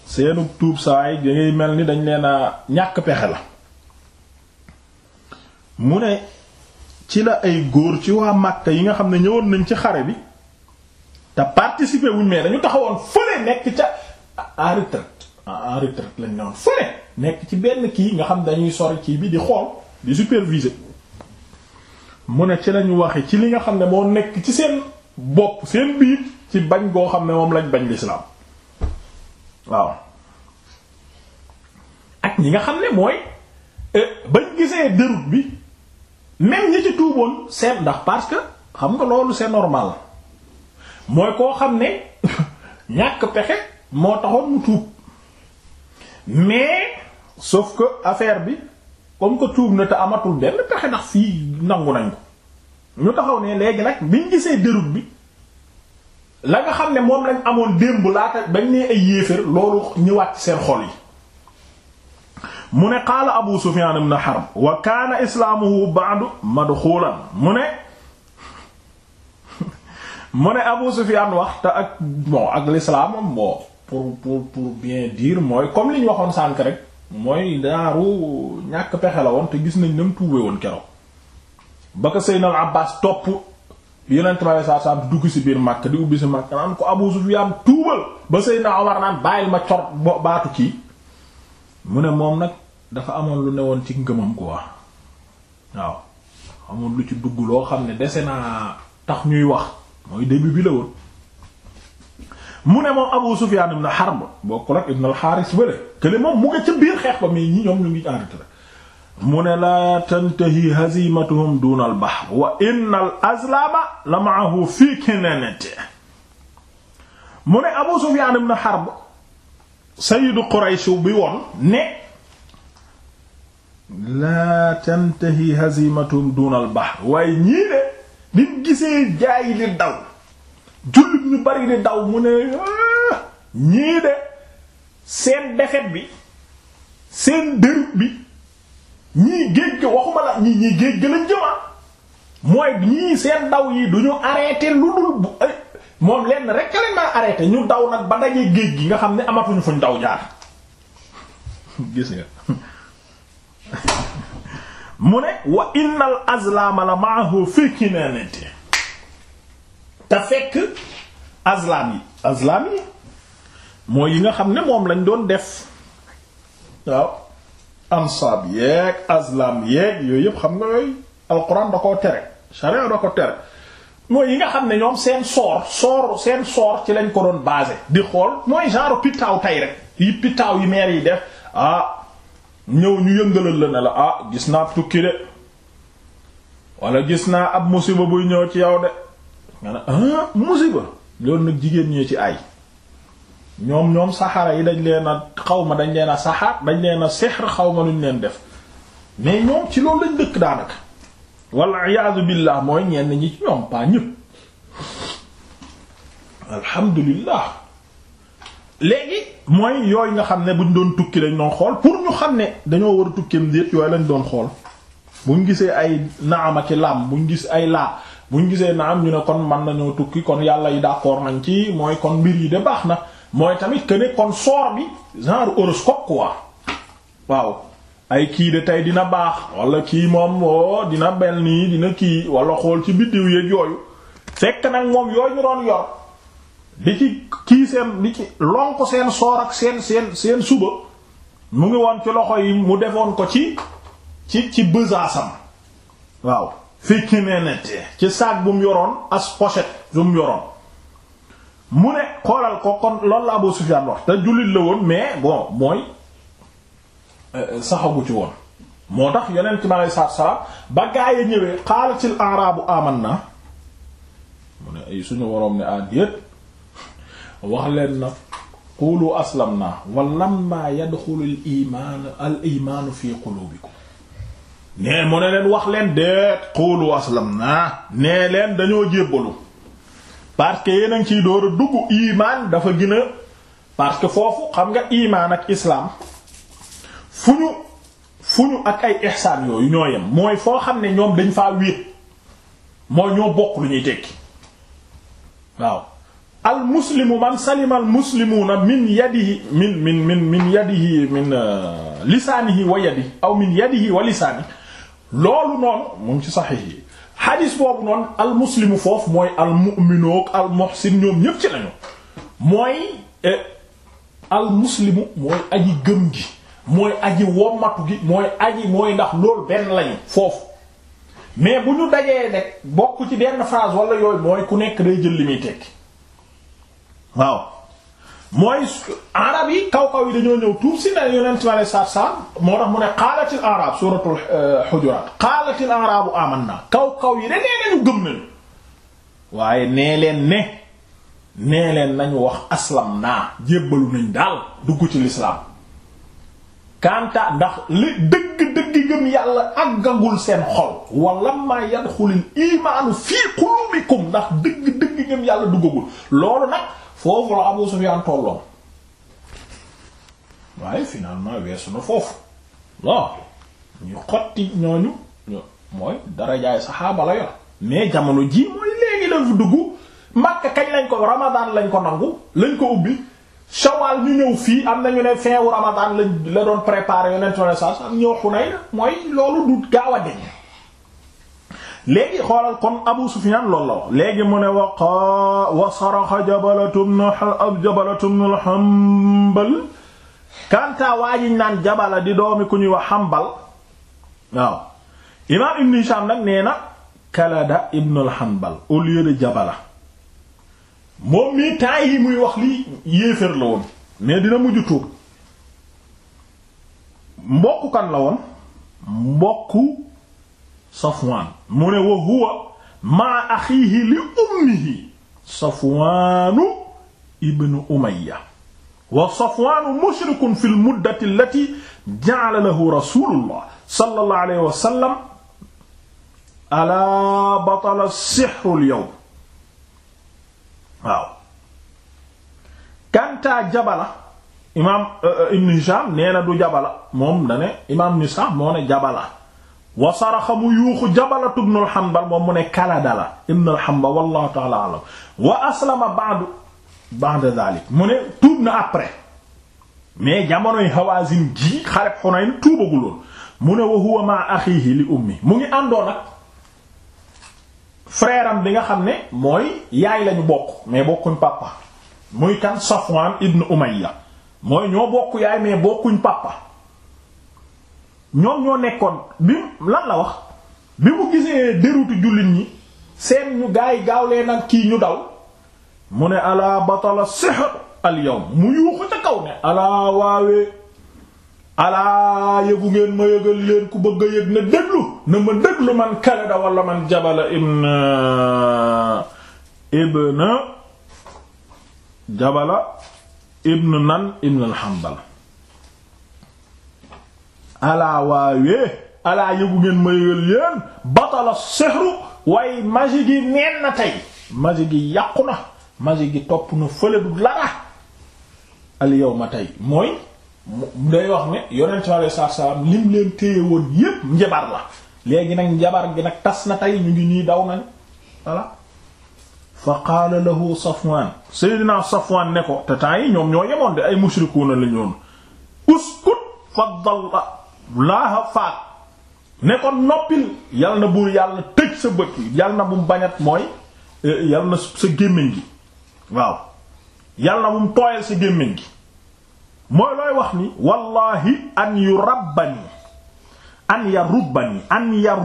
seenu tuub saay yi dangay mel ni dañ leen a ñàkk pexe la mu ne ci la ay góor ci waa Makka yi nga xam ne ñëwoon nañ ci xare bi te participer wuñ mais dañu taxawoon fële nekk ca en retraite en retraite lañ newoon fële nekk ci benn kii nga xam dañuy sori kii bi di xool di superviser mu ne ci lañu waxe ci li nga xam ne moo nekk ci seen bopp seen ci bañ goo xam ne moom lañ bañ lislaam waaw ak ñi nga xam ne mooy euh, bañ gisee déroute bi même ñi ci tuuboon seen ndax parce que xam nga loolu c'est normal mooy koo xam ne ñàkk pexe moo taxoon mu tuub mais sauf ko affaire bi comme que tuub na te amatul benn pexe ndax fii nangu nañ ko ñu taxaw ne léegi nag biñ gisee déroute bi la nga xam ne moom lañ amoon démb laata bañ nee ay yéeféer loolu ñëwaat ci seen xol yi mu ne qaala abu sufyan na harb wa kaana islaamuhu ba'du madxulan mu ne mu ne Abu am wax te ak bon ak l'islam bon pour pour pour bien dire mooy comme li ñu waxoon sànk rek mooy daaru ñàkk pexe la woon te gis nañ nam tuube woon keroog ba ko na Abbas topp yonent dugg si biir Makka di ubbi si Makka naan ko Abu Sufyan tuubal ba Seydina Omar naan bàyyil ma cor bo baatu kii mu ne moom nag dafa amoon lu ne woon ci ngëmam quoi waaw amoon lu ci dugg loo xam ne dese naa tax ñuy wax mooy début bi la woon mu ne moom Abu Sufyaan ibn Harb bokkul ak Ibn al-Haaris bële kële moom mu nga ca biir xeex la ma'ahu fi ibn Harb sayyidu bi woon ne laa tantahi hazimatuhum duna al waaye ñii de bi mu gisee jaayi li daw jullit ñu bari di daw mu ne ah, ñii de seen defet bi seen dërut bi ñii géej gi waxuma la ñii ñii géej gi lañ jëma mooy ñii seen daw yi du ñu arrêté lu dul bu moom lenn rek leen ma arrêté ñu daw nag ba dajee géej gi nga xam ne amatuñu fuñ daw jaar [laughs] gis [laughs] mu ne wa innal azlaama la maahu fii kinaanati te fekk azlaam yi azlaam yi mooy yi nga xam ne moom lañ doon def waaw ansaab yeeg azlaam yeeg yooyu yëpp xam nga yooyu alquran da koo tere sharia da ko tere mooy yi nga xam ne ñoom seen soor sooru seen soor ci lañ ko doon basé di xool mooy genre pitaaw tey rek yi pitaaw yi meer yi def ah ñëw ñu yëngalal la ne la ah gis naa tukki de wala gis naa ab musiba buy ñëw ci yow de nga ne ah musiba loolu nag jigéen ñi ci ay ñoom ñoom saxaara yi dañ leen a xaw ma dañ leen a saxaar dañ leen a sexr xaw ma luñ leen def mais ñoom ci loolu lañ dëkk daanaka wala iyaadu billah mooy ñenn ñi ci ñoom pas ñëpp alhamdulillah léegi mooy yooyu nga xam ne buñ doon tukki lañ doon xool pour ñu xam ne dañoo war a tukkeem déet yooyu lañ doon xool bu buñ gisee ay naama ci lam buñ gis ay laa buñ gisee naam ñu ne kon man nañoo tukki kon yàlla yi d'accord nañ ci mooy kon mbir yi de baax na mooy tamit que ne kon soor bi genre horoscope quoi waaw ay kii de tey dina baax walla kii moom o oh, dina bel nii dina kii wala xool ci biddiw yeeg yooyu fekk nag moom yooyu ñu doon yor. li ci kii seen di ci lonk seen soor ak seen seen seen suba mu ngi woon ci loxo yi mu defoon ko ci ci ci besaasam waaw fikki ne nette ci saag bu mu yoroon as pochette bu mu yoroon mu ne xoolal ko kon loolu la Abu Sufyaan wax te jullit la woon mais bon mooy euh, euh, saxagu ci woon moo tax yonent mi aleyhi salaatu salaam ba gaa yi ñëwee qaalatil a'raabu amanna mu ne suñu waroom ne ah wax leen na qulu aslamna wa lamma yadxulu al iman al iman fi qulubikum nee mu ne leen wax leen deet qulu aslamna nee leen dañoo jébbalu parce que yéen ciy door a dugg iman dafa gën parce que foofu xam nga iman ak islam fu ñu fu ñu ak ay ihsaan yooyu ñoo yem mooy foo xam ne ñoom dañ faa wéet mooy ñoo bokk lu ñuy tekki waaw al muslimu man salima al muslimuuna min yadihi min min min min yadihi min uh, lisaanihi wa yadihi aw min yadihi wa lisaanihi loolu noonu moom ci saxiix yi xadiis boobu noon al foofu mooy al mu'minu ak al muhsin ñoom eh, aji gëm gi mooy aji wommatu gi mooy aji mooy ndax loolu benn lañu foofu mais bu ñu dajee ne bokk ci benn phrase wala yooyu mooy ku nekk day jël li tekki waaw mooy arab yi kaw kaw yi dañoo ñëw tuub si ne yonent mi moo tax mu ne qaalatil arab suuratul xujuraat euh, qaalatil arabu amanna kaw kaw yi de nee nañu gëm nañu waaye nee leen ne nee leen nañu wax aslam naa jébbalu nañ daal dugg ci lislaam kanta ndax li dëgg dëgg gëm yàlla àggagul seen xol wala ma yadxulil imaanu fii qulubikum ndax dëgg dëgg gëm yàlla duggagul loolu nag foofu la Abu Sufyaan tolloon waaye finalement weesu na foofu waaw ñu xotti ñooñu mooy darajaay saxaaba la yor mais jamono jii mooy léegi la fu dugg Makka kañ lañ ko Ramadan lañ ko nangu lañ ko ubbi Shawwal ñu ñëw fii am nañu ne fin wu Ramadan lañ la doon préparer yonent sallallahu alayhi wasallam ñoo Xunayn mooy loolu du gaaw a deñ léegi xoolal kon Abu Sufyan loolu la léegi mu ne waqa wa saraxa jabalatum jabalatum al Hanbal kanta waajiñ naan jabala di doomi ku ñuy wax Hanbal waaw imaam Ibn Hisham nag nee na Kalada ibn al Hanbal au lieu jabala moom mii temps yi muy wax lii yéeféer la woon mais dina mujj tuub mbokku kan la woon mbokku Safwaan mu ne wa huwa maa axiihi li ummihi Safwaanu ibnu Umayya wa Safwaanu mushrikun fi lmuddati allati ja'ala lahu rasulullah sallallahu alayhi wa sallam alaa batala sixru lyowm waaw kantaa jabala imaam eh, eh, ibn Hisham nee na du jabala moom dane imaam Nisaa moo ne jabala wa saraxa mu yuuxu jabalatu ibn al-Hanbal moom mu ne kalada la ibn al-Hanbal wallahu ta'ala alam wa aslama ba'du ba'da dhalik mu ne tuub na après mais jamonoy Hawazin gii xareb Hunayn tuubaguloon mu ne wa huwa ma axiihi li ummi mu ngi àndoon ak frère bi nga xam ne mooy yaay lañu bokk mais bokkuñ papa muy kan Safwan ibn Umayya mooy ñoo bokk yaay mais bokkuñ papa ñoom ñoo nekkoon bi lan la wax bi mu gisee dérutu jullit ñi seen ñu gaa yi ak kii ñu daw mu ne alaa batala sihr al yawm mu yuuxu ca kaw ne alaa waawee alaa yëgu ngeen ma yëgal leen ku bëgg a yëg na déglu na ma déglu man Kalada wala man Jabala ibn ibn Jabala ibn nan ibn al alaa waawee alaa yëgu ngeen ma yëgal yéen batala sihru waaye magie gi neen na tey magie gi yàqu na magie gi topp na fële du dara al yawma tey mooy day wax ne yonent bi alei leen téye woon la léegi nag njabar gi nag tas na tey ñu ngi nii daw nañ voilà fa qaala lahu safwaan seydinaa safwaan ne ko te temps yi ñoom ñoo yemoon de ay mushrikuuna la ñoon uskut faddal laaha faat ne ko noppil yal na buur yàlla tëj sa bët yal na bu mu bañat mooy e, yal na sa gémmiñ gi waaw yal na bu mu tooyal sa gémmiñ gi mooy looy wax ni wallahi an yu rabbani an ya rubbani an ya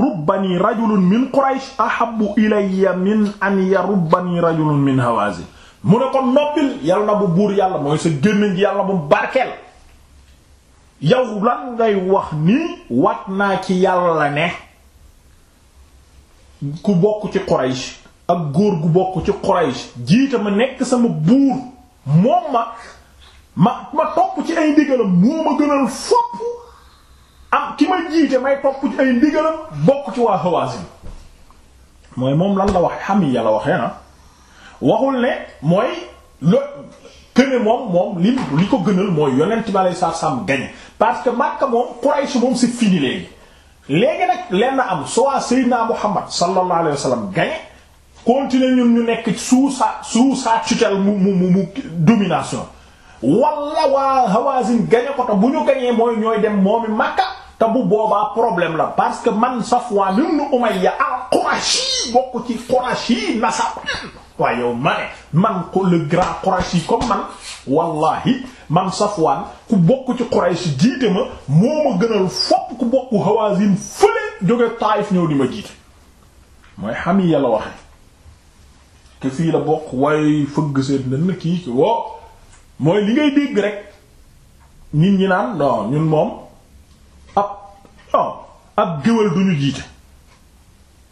min quraysh ahabbu ilayya min an ya rubbani rajulun min hawazin mu ne ko noppil yal na bu buur yàlla mooy sa gémmiñ gi yal na bu mu barkeel yow lan ngay wax ni wat naa ci yàlla ne ku bokk ci Quraysh ak góor gu bokk ci Quraysh jiite ma nekk sama buur moom ma ma ma topp ci ay ndigalam moo ma gënal fopp am ki ma jiite may topp ci ay ndigalam bokk ci waa mooy moom lan la wax xam yi yàlla waxee na waxul ne mooy lo këne moom moom li li ko gënal mooy yonent bi aleyhi salaatu salaam gañe parce que makk moom Quraysh moom c'est fini léegi léegi nag lenn am soit Seydina Muhammad sallallahu alayhi wa sallam gañe continuer ñun ñu nekk sous sa sous sa tutelle mu mu mu mu domination wala waa Hawazin gañe ko bu ñu gañee mooy ñooy dem moomi Makka te bu boobaa problème la parce que man Safwan ibn Umayya al-Qurashi bokk ci Qurashi nasab waaye yow ma man ko le grand Qurashi comme man wallahi man Safwaan ku bokk ci Quraysh jiite ma moo ma gënal fopp ku bokk Hawaazin fële jóge Taayif ñëw di ma jiite mooy xam yi yàlla waxe te fii la bokk waaye fëgg seen dënn kii ki woo mooy li ngay dégg rek nit ñi naan non ñun moom ab non ab géwél duñu jiite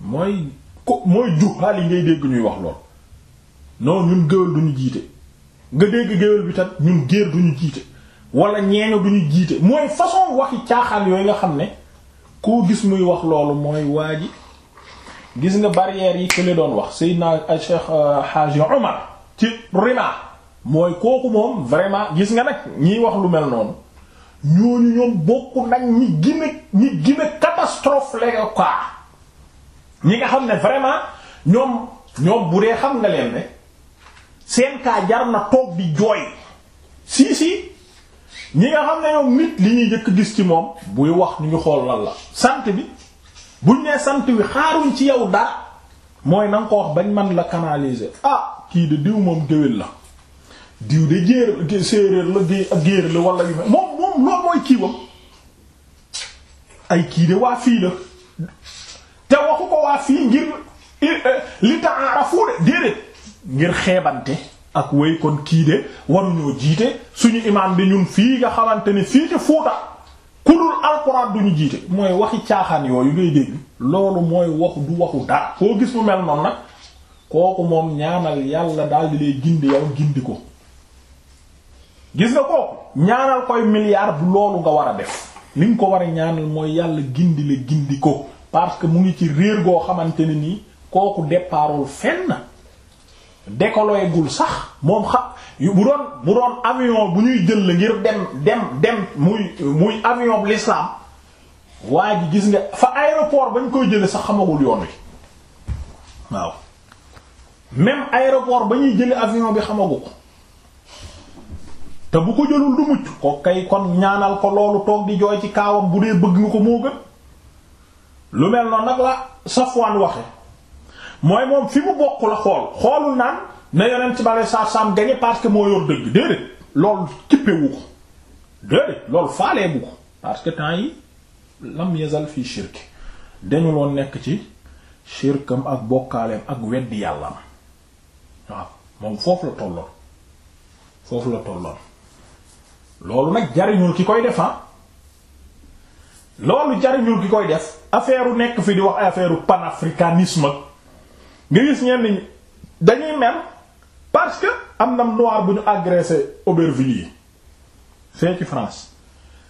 mooy ko mooy juxaal yi ngay dégg ñuy wax lool non ñun géwél ñu jiite nga dégg géwél bi tam ñun géer duñu jiite wala ñeeño duñu jiite mooy façon waxi caaxaan yooyu nga xam ne koo gis muy wax loolu mooy waa ji gis nga barrières yi kële doon wax Seydina euh, Cheikh euh, Haji Omar ci rima mooy kooku moom vraiment gis nga nag ñiy wax lu mel noonu ñooñu ñoom bokk nag ñi gën a ñi gën catastrophe la quoi ñi nga xam ne vraiment ñoom ñoom bu dee xam nga leen ne seen kaa jar na toog bi jooy si ñi nga xam ne ñoom nit li ñuy njëkk gis ci moom buy wax ñu ngi xool lan la sant bi buñ nee sant bi xaaruñ ci yow dara mooy na ko wax bañ man la canaliser ah kii de diw moom géwél la diw de géer séeréer la géer la wala yu mel moom moom loolu mooy kiiwam ay kii de waa fii la te waxu ko waa fii ngir eh, li ta'arafu de déedéet ngir xeebante ak way kon kii de waruñoo jiite suñu imaam bi ñun fii nga xamante ni fii ci Fuuta ku dul alxuraan duñu jiite mooy waxi caaxaan yooyu ngay loolu mooy waxu du waxu dara koo gis mu mel noonu nag kooku moom ñaanal yàlla daal di lay gindi yow gindi ko gis nga kooku ñaanal koy milliard bu loolu nga war a def li nga ko war a ñaanal mooy yàlla gindi la gindi ko parce que mu ngi ci réer goo xamante ne nii kooku départul fenn. décolleegul sax moom xa bu doon bu doon avion bu ñuy jël ngir dem dem dem muy muy avion bu l'islam waa ji gis nga fa aéroport bañ koy jële sax xamagul yoon wi waaw même aéroport ba ñuy jële avion bi xamagu ko te bu ko jëlul du mucc ko kay kon ñaanal ko loolu toog di jooy ci kaawam bu dee bëgg nga ko moo gën lu mel noonu nag la Safwan waxe mooy moom fi mu bokk la xool xoolul naan na yonent ci bale saa saam gañe parce que moo yor dëgg déedéet loolu cippewu ko déedéet loolu faalee ko parce que temps yi lam yazal fii shirk dañu loon nekk ci shirkam ak bokkaaleem ak weddi yàlla ma waaw moom foofu la tolloon foofu la tolloon loolu nag jariñul ki koy def ah. loolu jariñul ki koy def affaire nekk fi di wax affaire panafricanisme nga gis ñenn ñi dañuy mer parce que am na noir bu ñu agressé Aubervilliers fee ci France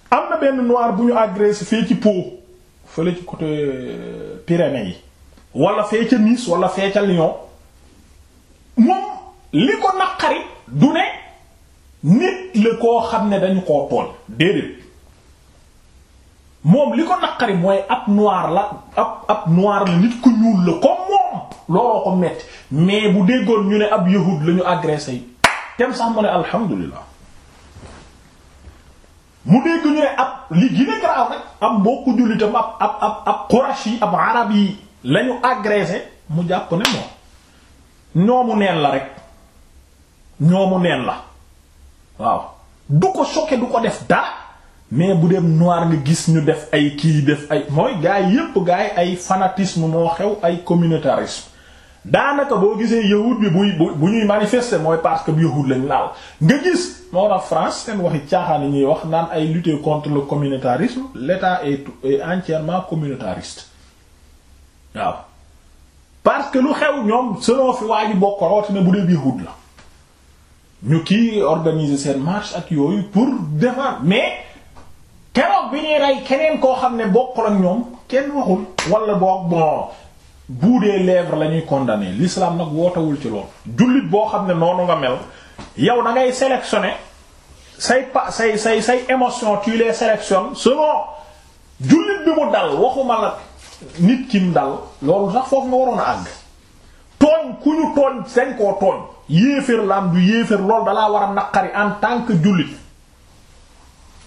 am na benn noir bu ñu agressé fee ci Pau fële ci côté euh, Pyrénées yi wala fee ca Nice wala fee ca Lyon moom li ko naqari du ne nit la koo xam ne dañu koo tooñ déedéet moom li ko naqari mooy ab noir la ab ab noir la nit ku ñuul la comme looloo ko metti mais bu déggoon ñu ne ab yahud la ñu agressé yi tem sax mu ne alhamdulilah mu dégg ñu ne ab li gën a garaaw rek am mbokku jullitam ab ab ab ab qurash yi ab arab yi la ñu agressé mu jàpp ne moom ñoomu neen la rek ñoomu neen la waaw du ko choqué du ko def dara mais bu dem noir nga gis ñu def ay kii def ay mooy gaa yi yépp gaa yi ay fanatisme moo xew ay communautarisme daanaka boo gisee yahud bi bu bu ñuy manifester mooy parce que bu yahud lañ laal nga gis moo tax France seen waxi caaxaan yi ñuy wax naan ay lutter contre le communautarisme l'État est est entièrement communautariste waaw parce que lu xew ñoom selon fi waa ji bokk rawatina bu dee yahud la ñu kii organiser seen marche ak yooyu pour défendre mais keroog bi ñuy rey keneen koo xam ne bokkul ak ñoom kenn waxul wala boog bon. bout des lèvres la ñuy condamner l'islam nag wootawul ci lool jullit boo xam ne noonu nga mel yow da ngay sélectionner say pa say say say émotion tu les sélectionnes selon jullit bi mu dal waxuma la nit ki mu dal loolu sax foofu nga waroon a àgg tooñ ku ñu tooñ sañ koo tooñ yéefér laam du loolu dalaa war a naqari en tant que jullit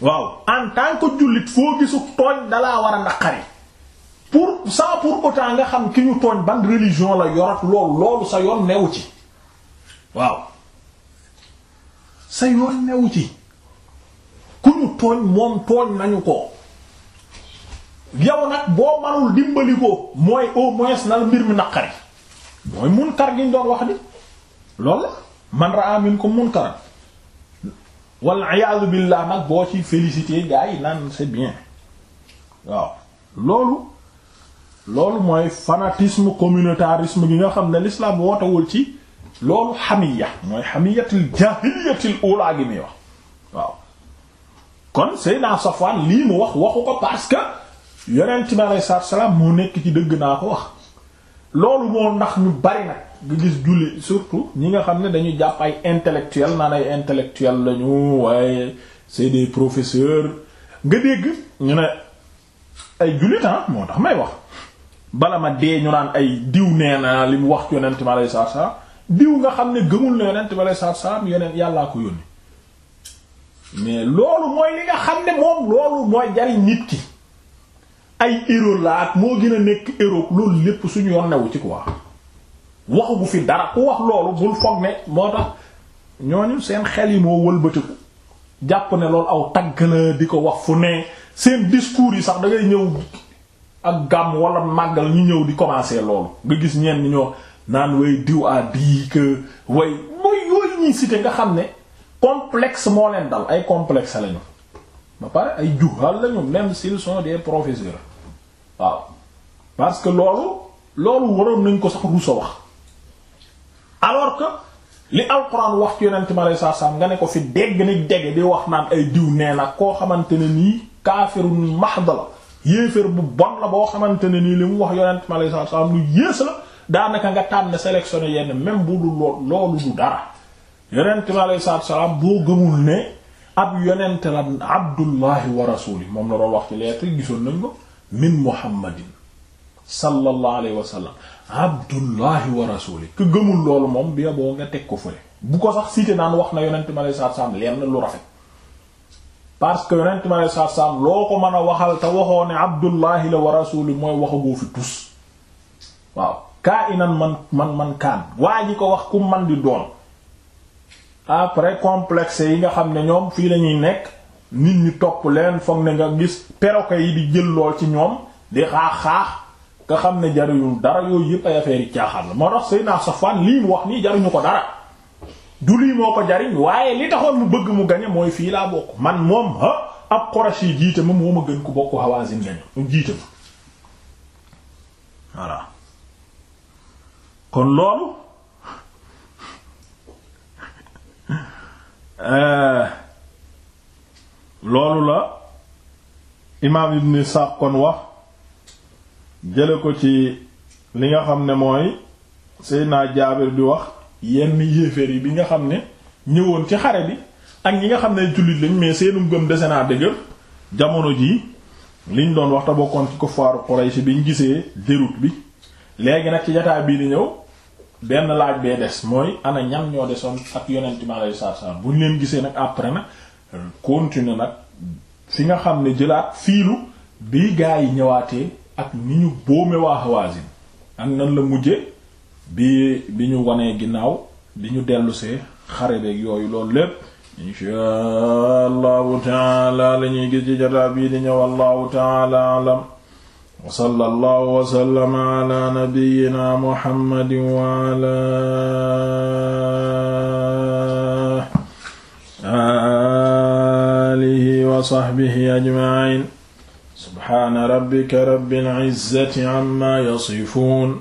waaw en tant que jullit foo gisu tooñ dalaa war a naqari pour sans pour autant nga xam ki ñu tooñ ban religion la yor ak loolu sa yoon newu ci waaw sa yoon newu ci ku ñu tooñ moom tooñ nañu ko yow nag boo manul dimbali ko mooy au moins mbir mi naqari mooy munkar gi ñu doon wax di loolu man ra'a minkum munkaran wal a'yadu billah nag boo ci félicité gars yi naan c'est bien waaw loolu loolu mooy fanatisme communautarisme gi nga xam ne l'islam wootewul ci loolu xamiya mooy xamiyatil jaahiliyatil ulaa gi muy wax waaw kon Seydina Safwan lii mu wax waxu ko parce que yonent bi alayhi salaatu salaam moo nekk ci dëgg naa ko wax loolu moo ndax ñu bari nag nga gis julli surtout ñi nga xam ne dañu jàpp ay intellectuel naan ay intellectuel lañu waaye c'est des professeurs nga dégg ñu ne ay jullit ah moo tax may wax bala ma dee ñu naan ay diw nee na li mu wax ci yonent bi alayhi salaatu salaam diw nga xam ne gëmul na yonent bi alayhi salaatu salaam yonent yàllaa ko yónni mais loolu mooy li nga xam ne moom loolu mooy jariñ nit ki ay héros la ak moo gën a nekk héros loolu lépp suñu yoon newu ci quoi waxu bu fi dara ku wax loolu bul foog ne moo tax ñooñu seen xel yi moo wëlbatiku jàpp ne loolu aw tagg la di ko wax fu ne seen discours yi sax dangay ngay ñëw ak gàmm walla màggal ñu ñëw di commencer loolu nga gis ñenn ñoo naan way diw a di que way mooy yooyu ñuy cité nga xam ne complexe moo leen dal ay complexe lañu ba pare ay juhal lañu même s'ils sont des professeurs waaw parce que loolu loolu waroon nañ ko sax ruusa wax alors que li alxuraan wax ci yonent mi alayhi salaam nga ne ko fi dégg ni dégg di wax naan ay diw nee na koo xamante ne nii kaafirun mahd yéeféer bu bon la boo xamante ne nii li mu wax yonent mi alayhi salaam lu yées la daanaka nga tànn sélectionné yenn même bu dul lool loolu du dara yonent mi alayhi salaam boo gëmul ne ab yonent la abdullahi wa rasuli moom la doon wax ci lettre gisoon nañ ko min muhammadin sallallahu alayhi wa sallam abdullahi wa rasuli ku gëmul loolu moom bi boo nga teg ko fële bu ko sax cité naan wax na yonent mi alayhi salaam leen lu rafet parce que yonent mi alei satu salaam loo ko mën a waxal te waxoo ne abdullahi la wa rasuli mooy waxagoo fi tus waaw kaa inan man man man kaan waa ji ko wax ku man di doon après complexe yi nga xam ne ñoom fii lañuy nekk nit ñi topp leen foog ne nga gis perroquet yi di jël lool ci ñoom di xaax-xaax nga xam ne jaruñu dara yooyu yëpp ay affaire yi caaxaan la moo naa sa Safwan lii mu wax nii jaruñu ko dara du lii moo ko jariñ waaye li taxoon mu bëgg mu gañe mooy fii laa bokk man moom ha ab Qurashi yi jiite ma moo ma gën ku bokk Hawazin gañe mu jiite ma voilà kon loolu euh, loolu la imaam Ibn Ishaq kon wax jële ko ci li nga xam ne mooy naa Jaabir bi wax yenn yéeféer yi bi nga xam ne ñëwoon ci xare bi ak ñi nga xam ne jullit lañ mais seenu gëm dese naa dëgër jamono jii ñu doon wax te bokkoon ci ko faaru Quraysh biñ gisee déroute bi léegi nag ci jotaay bii di ñëw benn laaj bee des mooy ana ñan ñoo desoon ak yonent mi alayhi salaatu salaam buñ leen gisee nag après nag continuer nag fi nga xam ne jëlaat fiilu bi gaa yi ñëwaatee ak ni ñu boome waa Hawaazin ak nan la mujjee bi bi ñu wanee ginnaaw bi ñu dellusee xare beeg yooyu loolu lépp inshaa allahu taala la ñuy gis ci jataa bii di ñëw allahu taala alam wa sallallahu wa sallama ala nabiyyina muhammadin wa ala alihi wa sahbihi ajma'in subhana rabbika rabbil izzati amma yasifun